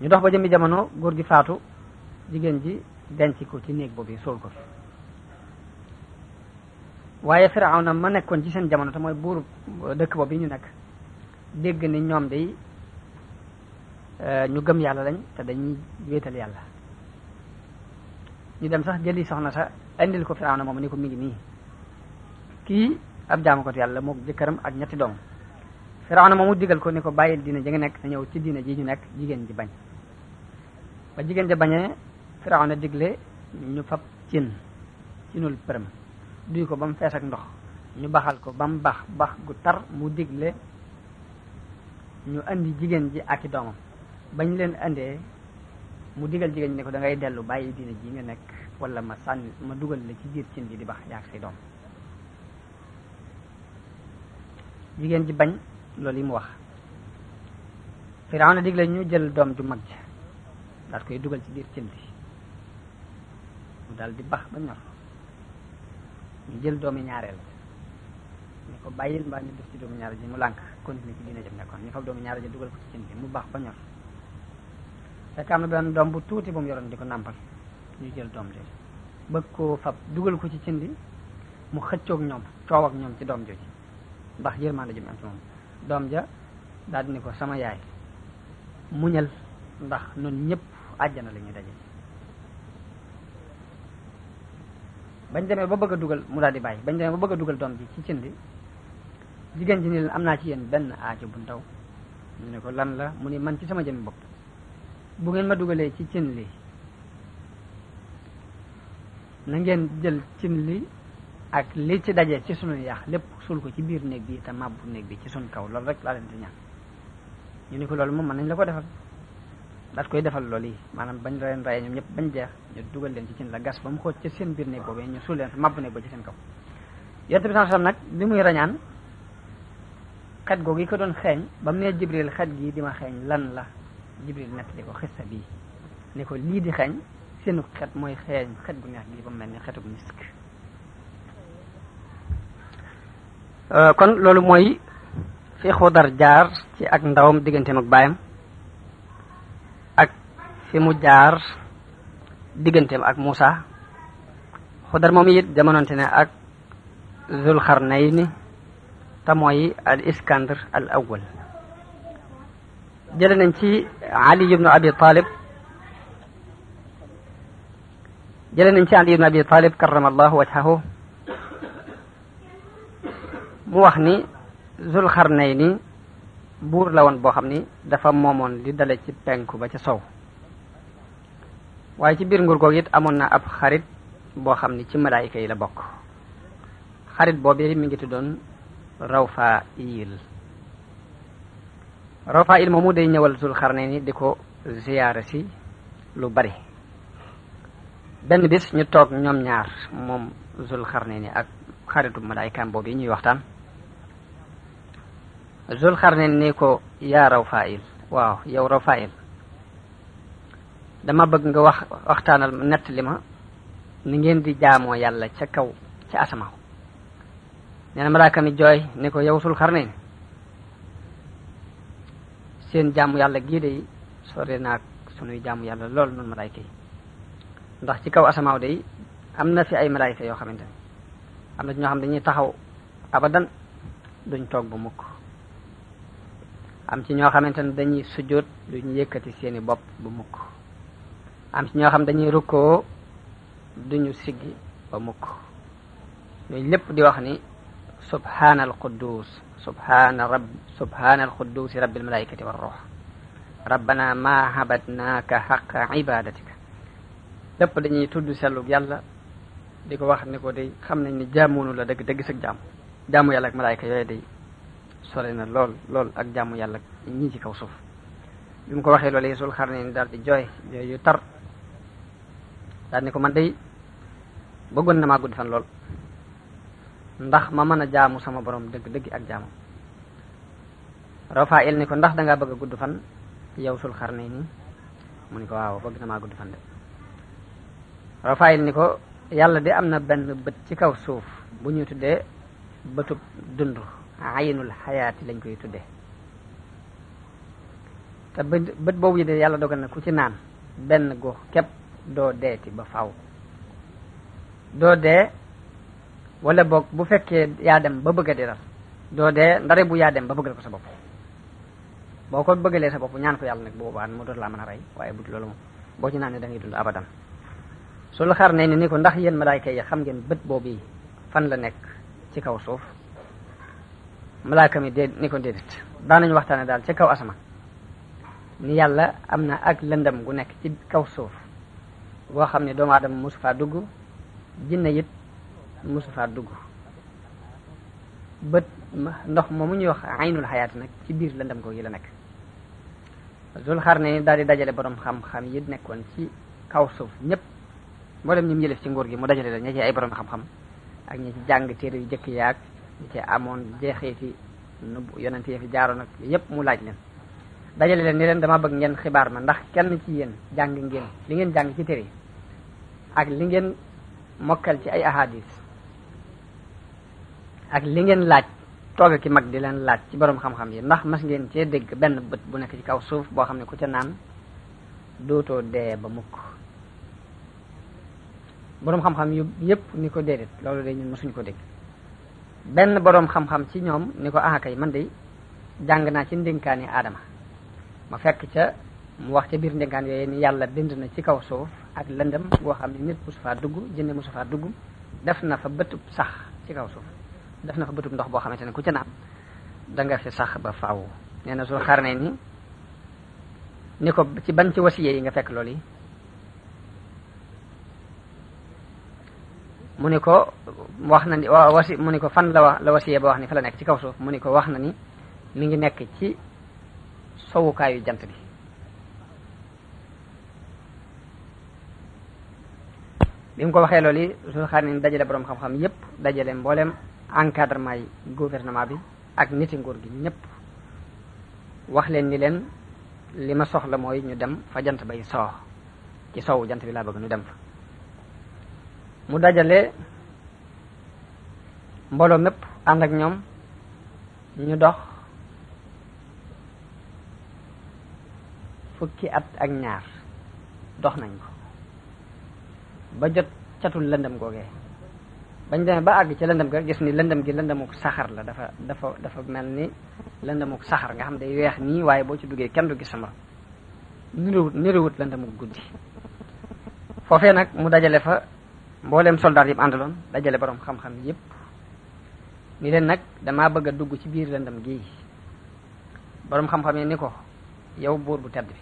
ñu dox ba jëmmi jamono góor gi faatu jigéen ji denc ko ci néeg boobu sol ko fi waaye Firawna ma nekkoon ci seen jamono te mooy buur dëkk boobu ñu nekk dégg ni ñoom day eh, ñu gëm yàlla lañ te dañuy wéetal yàlla ñu dem sax jëli soxna sax indil ko Firawna moom ni ko mi ngi nii kii ab jaamukatu yàlla mook jëkkëram ak ñetti doom firawna moomu digal ko ni ko bàyyil diine ji nga nekk te ñëw ci diine ji ñu nekk jigéen ji bañ ba jigéen ji bañee firawna digle ñu fab cin cinul përëm duy ko ba mu fees ndox ñu baxal ko ba mu gu tar mu digle ñu indi jigéen ji ak i bañ leen indee mu digal jigéen ñi ni ko da ngay dellu bàyyi diine ji nga nekk wala ma sànni ma dugal la ci biir cin bi di bax yaag say doom jigéen ji bañ loolu yi mu wax firawna digle ñu jël doom ju mag ja daal koy dugal ci biir cin li mu daal di bax ba ñor ñu jël doomi ñaareel ñu ko bàyyil mbaa ñu def ci doomu ñaareel ji mu lànk continuer ci dina jëm nekkoon ñu fab doomu ñaareel ji dugal ko ci cin li mu bax ba ñor fekk am na benn doom bu tuuti bu mu yoroon di ko nàmpal ñu jël doom jooju bëgg koo fab dugal ko ci cin li mu xëccoog ñoom coow ak ñoom ci doom jooy ndax yërmande ji mu am ci moom doom ja daal ne ko sama yaay ñal ndax nun ñëpp àjjana la ñuy daje bañ demee ba bëgg dugal mu daal di bàyyi bañ demee ba bëgg a dugal doom ji ci cindi jigéen ji ni leen am naa ci yéen benn aajo bu ndaw ñu ne ko lan la mu ni man ci sama jëmmi bopp bu ngeen ma dugalee ci cin li na ngeen jël cin li ak lii ci daje ci sunuy yàq lépp suul ko ci biir néeg bi te màbbu néeg bi ci sunu kaw loolu rek laa leen di ñaan ñu ni ko loolu moom man nañ la ko defal daat koy defal lool yi maanaam bañ leen rayee ñoom ñëpp bañ jeex ñu dugal leen ci cin la gas ba mu xooj ci seen biir néeg boobee ñu suul leen màbbu néeg ba ci seen kaw yonte bi sallallahu alayhi nag bi muy rañaan xet googu yi ko doon xeeñ ba mu nee jibril xet gi di ma xeeñ lan la jibril nett li ko xissa bii ni ko lii di xeeñ seenu xet mooy xeeñ xet gu gi mel ni xetug Euh, kon loolu mooy fi xudar jaar ci ak ndawam digganteem ak baayam ak fi jaar digganteem ak Muusa xudar moom it jamononte ne ak zul xarnayni te mooy al iskandar al awwal jële nañ ci ali ibnu abi talib jële nañ ci ali ibnu abi talib karamallahu mu wax ni Zulxarnayni buur la woon boo xam ni dafa moomoon li dale ci penku ba ca sow waaye ci biir nguur googu it amoon na ab xarit boo xam ni ci malaayika yi la bokk xarit boobu mi ngi tuddoon Rawfa Iyil Rawfa Iyil moomu day ñëwal Zulxarnayni di ko ziyaara si lu bari benn bis ñu toog ñoom ñaar moom ni ak xaritu malaayikaam boobu yi ñuy waxtaan Zulxarnin ni ko yaa Rawfaa'il waaw yow Rawfaa'il dama bëgg nga wax waxtaanal nett li ma ni ngeen di jaamoo yàlla ca kaw ca asamaaw nee na malaaka mi jooy ni ko yow Zulxarnin seen jaamu yàlla gii de sore naag sunuy jaamu yàlla lool nun malaayka yi ndax ci kaw asamaaw de am na fi ay malaayka yoo xamante ne am na ci ñoo xam dañuy taxaw abadan duñ toog bu mukk am ci ñoo xamante ne dañuy sujjóot duñu yëkkati seeni bopp bu mukk am ci ñoo xam dañuy rukkoo duñu siggi ba mukk ñooñu lépp di wax ni subhaana al quddus subhaana rabb subhaana al quddusi rabbil malaikati war ruux rabbana ma habadnaaka dañuy tudd sellu yàlla di ko wax ni ko day xam nañ ni jaamunu la dëgg dëgg sag jaam jaamu yàlla ak malaayka yooyu day sore na lool lool ak jàmm yàlla ñii ci kaw suuf bi ko waxee lool yi sul xar ne ni daal di jooy jooy yu tar daal ni ko man day bëggoon na maa gudd fan lool ndax ma mën a jaamu sama borom dëgg-dëgg ak jaamu Rafaayil ni ko ndax dangaa bëgg a gudd fan yow sul xar ne nii mu ni ko waaw bëgg na maa gudd fan de Rafaayil ni ko yàlla de am na benn bët ci kaw suuf bu ñu tuddee bëtub dund aynul xayaati lañ koy tudde te bët bët boobu yi de yàlla dogal na ku ci naan benn gox képp doo deeti ba faw doo dee wala boog bu fekkee yaa dem ba bëgg a diral doo dee ndare bu yaa dem ba bëggal ko sa bopp boo ko bëggalee sa bopp ñaan ko yàlla nag boobaan mu doot laa mën a rey waaye bu loolu moom boo ci naan ne da ngay dund abadan sul xar ne ni ni ko ndax yéen malaayka yi xam ngeen bët boobu yi fan la nekk ci kaw suuf malaaka mi dee ni ko déedéet daanañu waxtaane daal ci kaw asamaan ni yàlla am na ak lëndam gu nekk ci kaw suuf goo xam ne doomu aadama mosu faa dugg jinne it mosu faa dugg bët ndox moomu ñuy wax aynul xayaati nag ci biir lëndam googu yi la nekk zul xar ne daal di dajale borom xam-xam yi nekkoon ci kaw suuf ñëpp mboolem ñu mu yëlif ci nguur gi mu dajale la ña ci ay boroom xam-xam ak ñi ci jàng téere yu jëkk yaag ñi ci amoon jeexeeti nubbu yonent yi fi jaaroon ak yépp mu laaj leen dajale leen ni leen dama bëgg ngeen xibaar ma ndax kenn ci yéen jàng ngeen li ngeen jàng ci téere ak li ngeen mokkal ci ay ahadis ak li ngeen laaj tooga ki mag di leen laaj ci boroom xam-xam yi ndax mas ngeen cee dégg benn bët bu nekk ci kaw suuf boo xam ne ku ca naan dootoo dee ba mukk borom xam-xam yu yépp ni ko déedéet loolu day ñun mosuñu ko dégg benn boroom xam-xam ci ñoom ni ko ah kay man de jàng naa ci ndénkaani aadama ma fekk ca mu wax ca biir ndénkaan yooyu ni yàlla bind na ci kaw suuf ak lëndëm goo xam ne nit mosu faa dugg jënne mosu faa dugg def na fa bëtub sax ci kaw suuf def na fa bëtub ndox boo xamante ne ku ca naan da nga fi sax ba faw nee na xar xarne ni ni ko ci ban ci wasiye yi nga fekk loolu yi mu ni ko wax na ni wa wasi mu ni ko fan la wa la wasiye ba wax ni fa la nekk ci kaw suuf mu ni ko wax na ni mi ngi nekk ci sowukaayu jant bi bi mu ko waxee loolu yi sul xaar ni dajale boroom xam-xam yépp dajale mbooleem encadrement yi gouvernement bi ak niti nguur gi ñépp wax leen ni leen li ma soxla mooy ñu dem fa jant bay soox ci sowu jant bi laa bëgg ñu dem fa mu dajale mbooloo mépp ànd ak ñoom ñu dox fukki at ak ñaar dox nañ ko ba jot catul lëndëm googee bañ demee ba àgg ci lëndëm ga gis ni lëndëm gi lëndëmuk saxar la dafa dafa dafa mel ni lëndëmuk saxar nga xam day weex nii waaye boo ci duggee kenn du gis sama niruwut niruwut lëndëmuk guddi foofee nag mu dajale fa mbooleem soldaar yëpp àndaloon dajale borom xam-xam yëpp ni leen nag damaa bëgg a dugg ci biir lëndam gi borom xam-xam yi ni ko yow buur bu tedd bi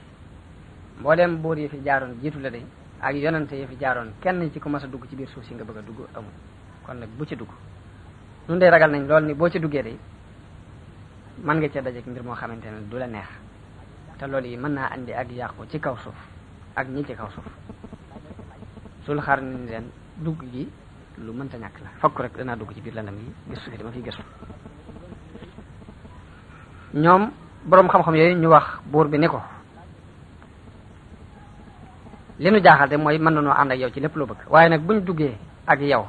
mbooleem buur yi fi jaaroon jiitu la de ak yonante yi fi jaaroon kenn ci ko mas a dugg ci biir suuf si nga bëgg dugg amul kon nag bu ci dugg ñun de ragal nañ lool ni boo ci duggee de mën nga cee dajeek mbir moo xamante ne du la neex te loolu yi mën naa andi ak yàqu ci kaw suuf ak ñi ci kaw suuf sul xar dugg gi lu mënta ñàkk la fokk rek danaa dugg ci biir landam yi gëstu fi dama fiy gëstu ñoom boroom xam-xam yooyu ñu wax buur bi ni ko li nu jaaxal de mooy mën nañoo ànd ak yow ci lépp loo bëgg waaye nag buñ duggee ak yow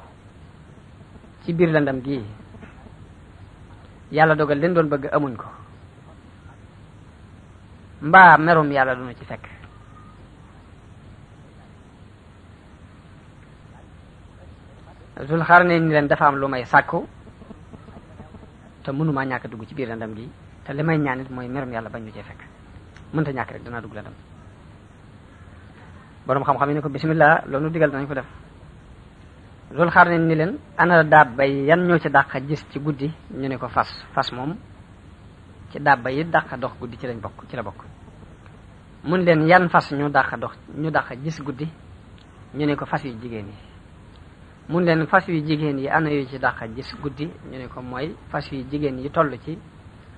ci biir lëndëm gii yàlla dogal leen doon bëgg amuñ ko mbaa merum yàlla du nu ci fekk zul xarne ni leen dafa am lu may sàkku te mënumaa ñàkk dugg ci biir lëndam gi te li may ñaanit mooy merum yàlla bañ ñu cee fekk mënta ñàkk rek danaa dugg lëndam borom xam-xam yi ne ko bismillah loolu digal danañ ko def zul xarne ni leen ana daab bay yan ñoo ci dàq gis ci guddi ñu ne ko fas fas moom ci dabba yi dàq dox guddi ci lañ bokk ci la bokk mun leen yan fas ñu dàq dox ñu dàq gis guddi ñu ne ko fas yu jigéen yi mun leen fas yu jigéen yi ana yu ci dàqa gis guddi ñu ne ko mooy fas yu jigéen yi tollu ci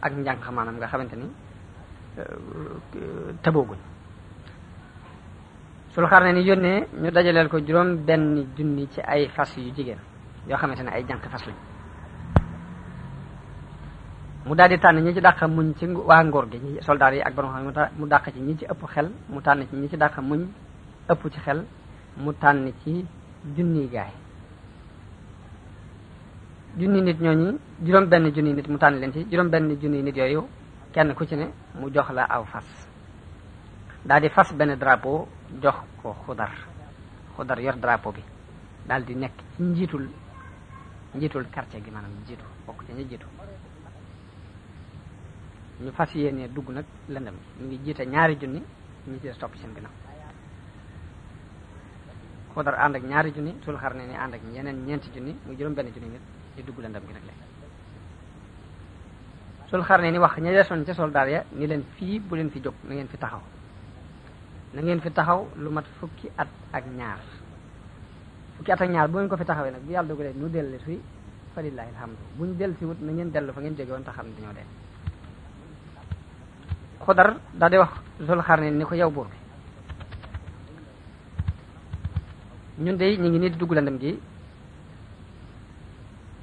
ak njànq maanaam nga xamante ni euh, tëbooguñ sul xar ne ni yónnee ñu dajaleel ko juróom benn junni ci ay fas yu jigéen yoo xamante ne ay jànq fas lañ mu daal di tànn ñi ci dàq muñ ci waa ngor gi ñi soldaar yi ak borom xam mu dàq ci ñi ci ëpp xel mu tànn ci ñi ci dàq muñ ëpp ci xel mu tànn ci junni gaay junni nit ñooñu juróom benn junni nit mu tànn leen ci juróom benn junni nit yooyu kenn ku ci ne mu jox la aw fas daal fas benn drapo jox ko xudar yor drapeau bi daal di nekk ci njiitul njiitul quartier gi maanaam njiitu ñu jiitu ñu fas yéenee dugg nag lëndam gi ñu ngi jiite ñaari junni ñu ci topp seen ginnaaw xudar ànd ak ñaari junni tul xar ne ni ànd ak yeneen ñeenti junni muy juróom benn junni nit ci dugg la ndam gi nag la sul xar ne ni wax ña desoon ca soldaar ya ni leen fii bu leen fi jóg na ngeen fi taxaw na ngeen fi taxaw lu mat fukki at ak ñaar fukki at ak ñaar bu ngeen ko fi taxawee nag bu yàlla dogalee nu dellu si fa lillahi alhamdu bu ñu dellu si wut na ngeen dellu fa ngeen jóge woon te xam ne dee xudar daal di wax sul xar ni ko yow buur bi ñun de ñu ngi nii dugg la ndam gi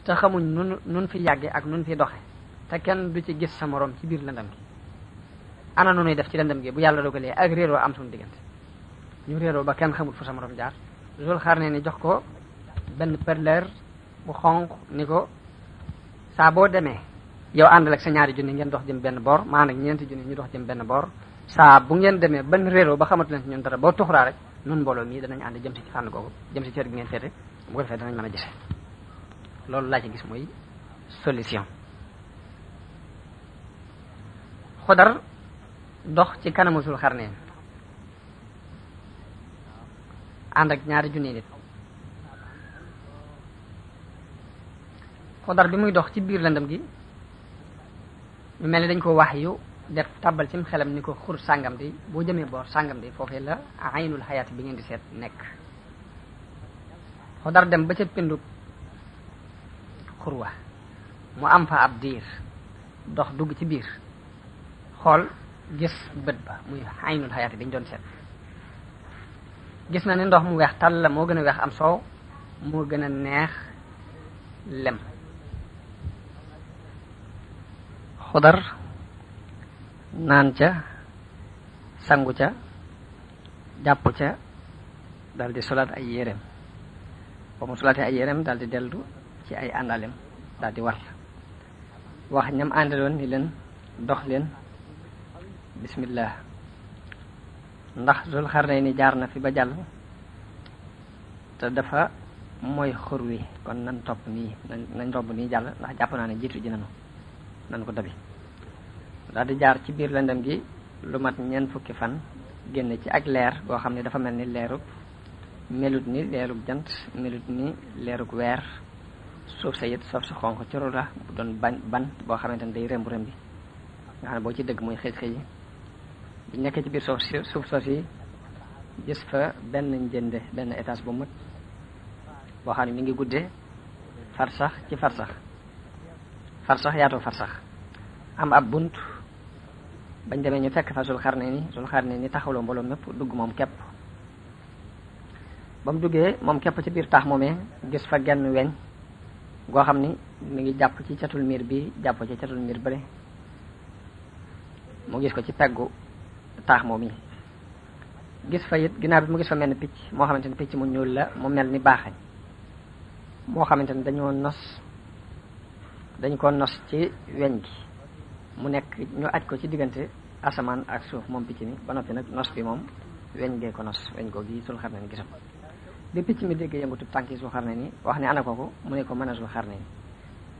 te xamuñ nun nun fi yàgge ak nun fi doxe te kenn du ci gis sa morom ci biir lëndam gi ana nu def ci lëndam gi bu yàlla dogalee ak réeroo am suñu diggante ñu réeroo ba kenn xamul fu sa morom jaar loolu xaar ne ni jox ko benn perleur bu xonq ni ko saa boo demee yow àndal ak sa ñaari junni ngeen dox jëm benn boor maa nag ñeenti junni ñu dox jëm benn boor saa bu ngeen demee benn réeroo ba xamatu leen ci ñun dara boo tuxuraa rek nun mbooloo mii danañ ànd jëm si ci fànn googu jëm si cër gi ngeen danañ mën a gisee loolu laa ci gis mooy solution xudar dox ci kanamu sul xarneen ànd ñaari junni nit xudar bi muy dox ci biir lëndëm gi ñu mel ni dañ ko wax yu def tàbbal cim xelam ni ko xur sàngam di boo jëmee boor sàngam di foofee la aynul xayaat bi ngeen di seet nekk xudar dem ba ca pindub xurwa mu am fa ab diir dox dugg ci biir xool gis bët ba muy aynul xayaati bi doon seet gis na ni ndox mu weex tàll la moo gën a weex am soow moo gën a neex lem xudar naan ca sangu ca jàpp ca daldi solaat ay yéreem ba mu ay ay dal di dellu ci ay àndalem daal war wax ñam àndaloon ni leen dox leen bismillah ndax Zul Xarnayni jaar na fi ba jàll te dafa mooy xur wi kon nan topp nii nañ romb nii jàll ndax jàpp naa ne jiitu ji nanu nan ko dabi daal di jaar ci biir lëndëm gi lu mat ñeent fukki fan génn ci ak leer goo xam ne dafa mel ni leerug melut ni leerug jant melut ni leeruk weer suuf sa it soof su xonq coro la bu doon ban ban boo xamante ne day rembu bi nga xam ne boo ci dëgg muy xëj xëj yi bu nekkee ci biir suuf suuf soof yi gis fa benn njënde benn étage bu mag boo xam ne mi ngi guddee sax ci farsax farsax yaatu farsax am ab bunt bañ demee ñu fekk fa sul xar ne ni sul xar ne ni taxawloo mbooloo mépp dugg moom képp ba mu duggee moom képp ci biir taax moomee gis fa genn weñ goo xam ni mu ngi jàpp ci catul miir bi jàpp ci catul miir bële mu gis ko ci peggu taax moom yi gis fa it ginaar bi mu gis fa mel ni picc moo xamante ni picc mu ñuul la mu mel ni baaxañ moo xamante ni dañoo nos dañ ko nos ci weñ gi mu nekk ñu aj ko ci diggante asamaan ak suuf moom picc mi ba noppi nag nos bi moom weñ gee ko nos weñ ko gii sul xam ne gisam bi picc mi dégg yëngatu tànki sul xarne ni wax ne ko ko mu ne ko mën a xarne ni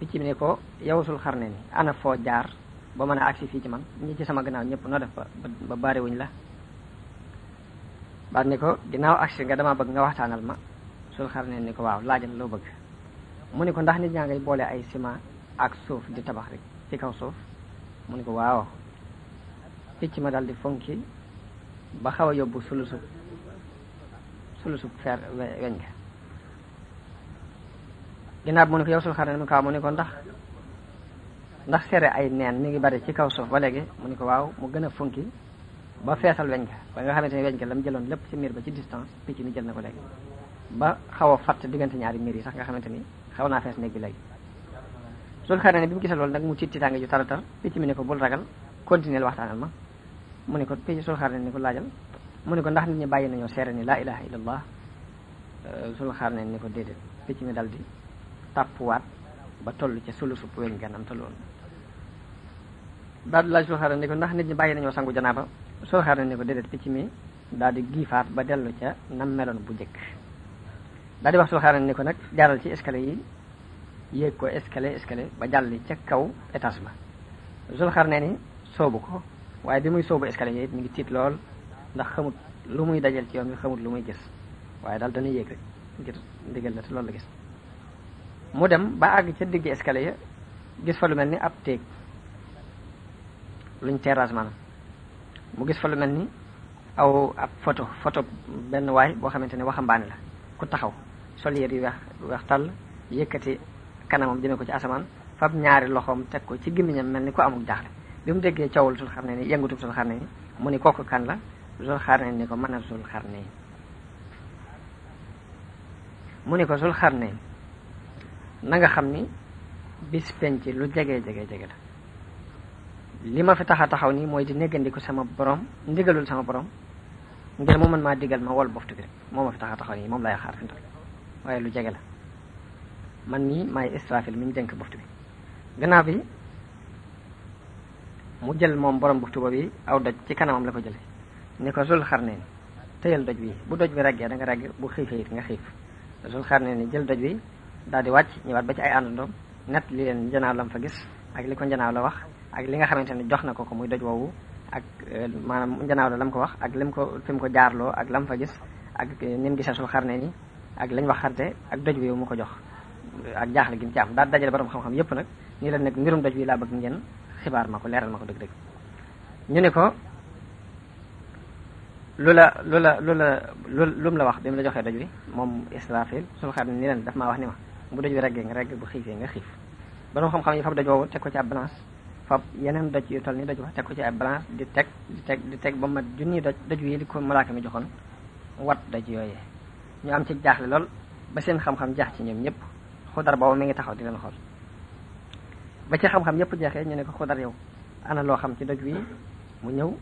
picc mi ne ko yow sul xarne ni ana foo jaar ba mën a agsi fii ci man ñi ci sama gannaaw ñëpp noo def ba ba baariwuñ la baat ne ko ginnaaw agsi nga dama bëgg nga waxtaanal ma sul xarne ni ko waaw laajal loo bëgg mu ne ko ndax nit ñaa ngay boole ay ciment ak suuf di tabax rek ci kaw suuf mu ne ko waaw picc ma daal di fonki ba xaw a yóbbu sul sulusub fer weñ ga ginnaaw mu ne ko yow sul xarne mu kaw mu ne ko ndax ndax sere ay neen ni ngi bari ci kaw suuf ba léegi mu ne ko waaw mu gën a funki ba feesal weñ ga ba nga xamante ne weñ ga la mu jëloon lépp ci miir ba ci distance picc mi jël na ko léegi ba xawa a fatt diggante ñaari miir yi sax nga xamante ni xaw naa fees néeg bi léegi sul xarne ne bi mu gisee loolu nag mu tiit tiitaange ju taratar picc mi ne ko bul ragal continuer waxtaanal ma mu ne ko picc sul xarne ko laajal mu ne ko ndax nit ñi bàyyi nañoo seere ni laa ilaha illallah euh, suñu xaar ne ni ko déedéet picc mi dal di tàppuwaat ba toll ca sulusu weñ ganam tolloon daal di laaj suñu ne ni ko ndax nit ñi bàyyi nañoo sangu janaaba suñu xaar ne ni ko déedéet picc mi daal di giifaat ba dellu ca nam meloon bu njëkk daal wax suñu xaar ne ni ko nag jaaral ci escalier yi yéeg ko escalier escalier ba jàll ca kaw étage ba suñu xaar ne ni soobu ko waaye bi muy soobu escalier yi it ngi tiit lool ndax xamut lu muy dajal ci yoon bi xamut lu muy gis waaye daal dana yéeg rek ngir ndigal la te loolu la gis mu dem ba àgg ca digg escalier ya gis fa lu mel ni ab téeg luñ terrasse maanaam mu gis fa lu mel ni aw ab photo photo benn waay boo xamante ne waxambaane la ku taxaw sol yére yu weex weex tàll yëkkati kanamam jëme ko ci asamaan fab ñaari loxoom teg ko ci gémmiñam mel ni ku amul jaaxle bi mu déggee coowul tul xam ne ni yëngutu tul xam ne ni mu ne kooku kan la Zulxarnayn ni ko mën a Zulxarnayn mu ni ko Zulxarnayn na nga xam ni bis penc lu jege jege jege la li ma fi tax taxaw nii mooy di néggandiku sama borom ndigalul sama borom ngir mu mën maa digal ma wol boftu bi rek moo ma fi tax taxaw nii moom lay xaar fi waaye lu jege la man nii maay Israfil mi ñu dénk boftu bi gannaaw bi mu jël moom borom boftu boobu aw doj ci kanamam la ko jëlee. ni ko zul xarneen tëyal doj wi bu doj bi raggee danga nga ragg bu xiifee it nga xiif zul xarneen ni jël doj bi daal di wàcc ñëwaat ba ci ay àndandoom net li leen janaaw lam fa gis ak li ko janaaw la wax ak li nga xamante ne jox na ko ko muy doj woowu ak eh, maanaam janaaw la lam ko wax ak lim ko fi mu ko jaarloo ak lam fa gis ak eh, ni mu gisee sul xarneen ni ak lañ wax xarte ak doj bi mu ko jox ak jaaxle gi mu ci am daal dajale borom xam-xam yépp nag nii la nekk mbirum doj bi laa bëgg ngeen xibaar ma ko leeral ma ko dëgg-dëgg lu la lu la lu lu mu la wax bi mu la joxee doj wi moom Israfil suñu xam ne leen daf ma wax ni ma bu doj wi reggee nga regg bu xiifee nga xiif boroom xam-xam yi fab doj woowu teg ko ci ab balance fab yeneen doj yu toll ni doj wax teg ko ci ab balance di teg di teg di teg ba mu mat junniy doj doj wi li ko malaaka mi joxoon wat doj yooyee ñu am ci jaaxle lool ba seen xam-xam jaax ci ñoom ñëpp xudar boobu mi ngi taxaw di leen xool ba ci xam-xam yëpp jeexee ñu ne ko xudar yow ana loo xam ci doj wi mu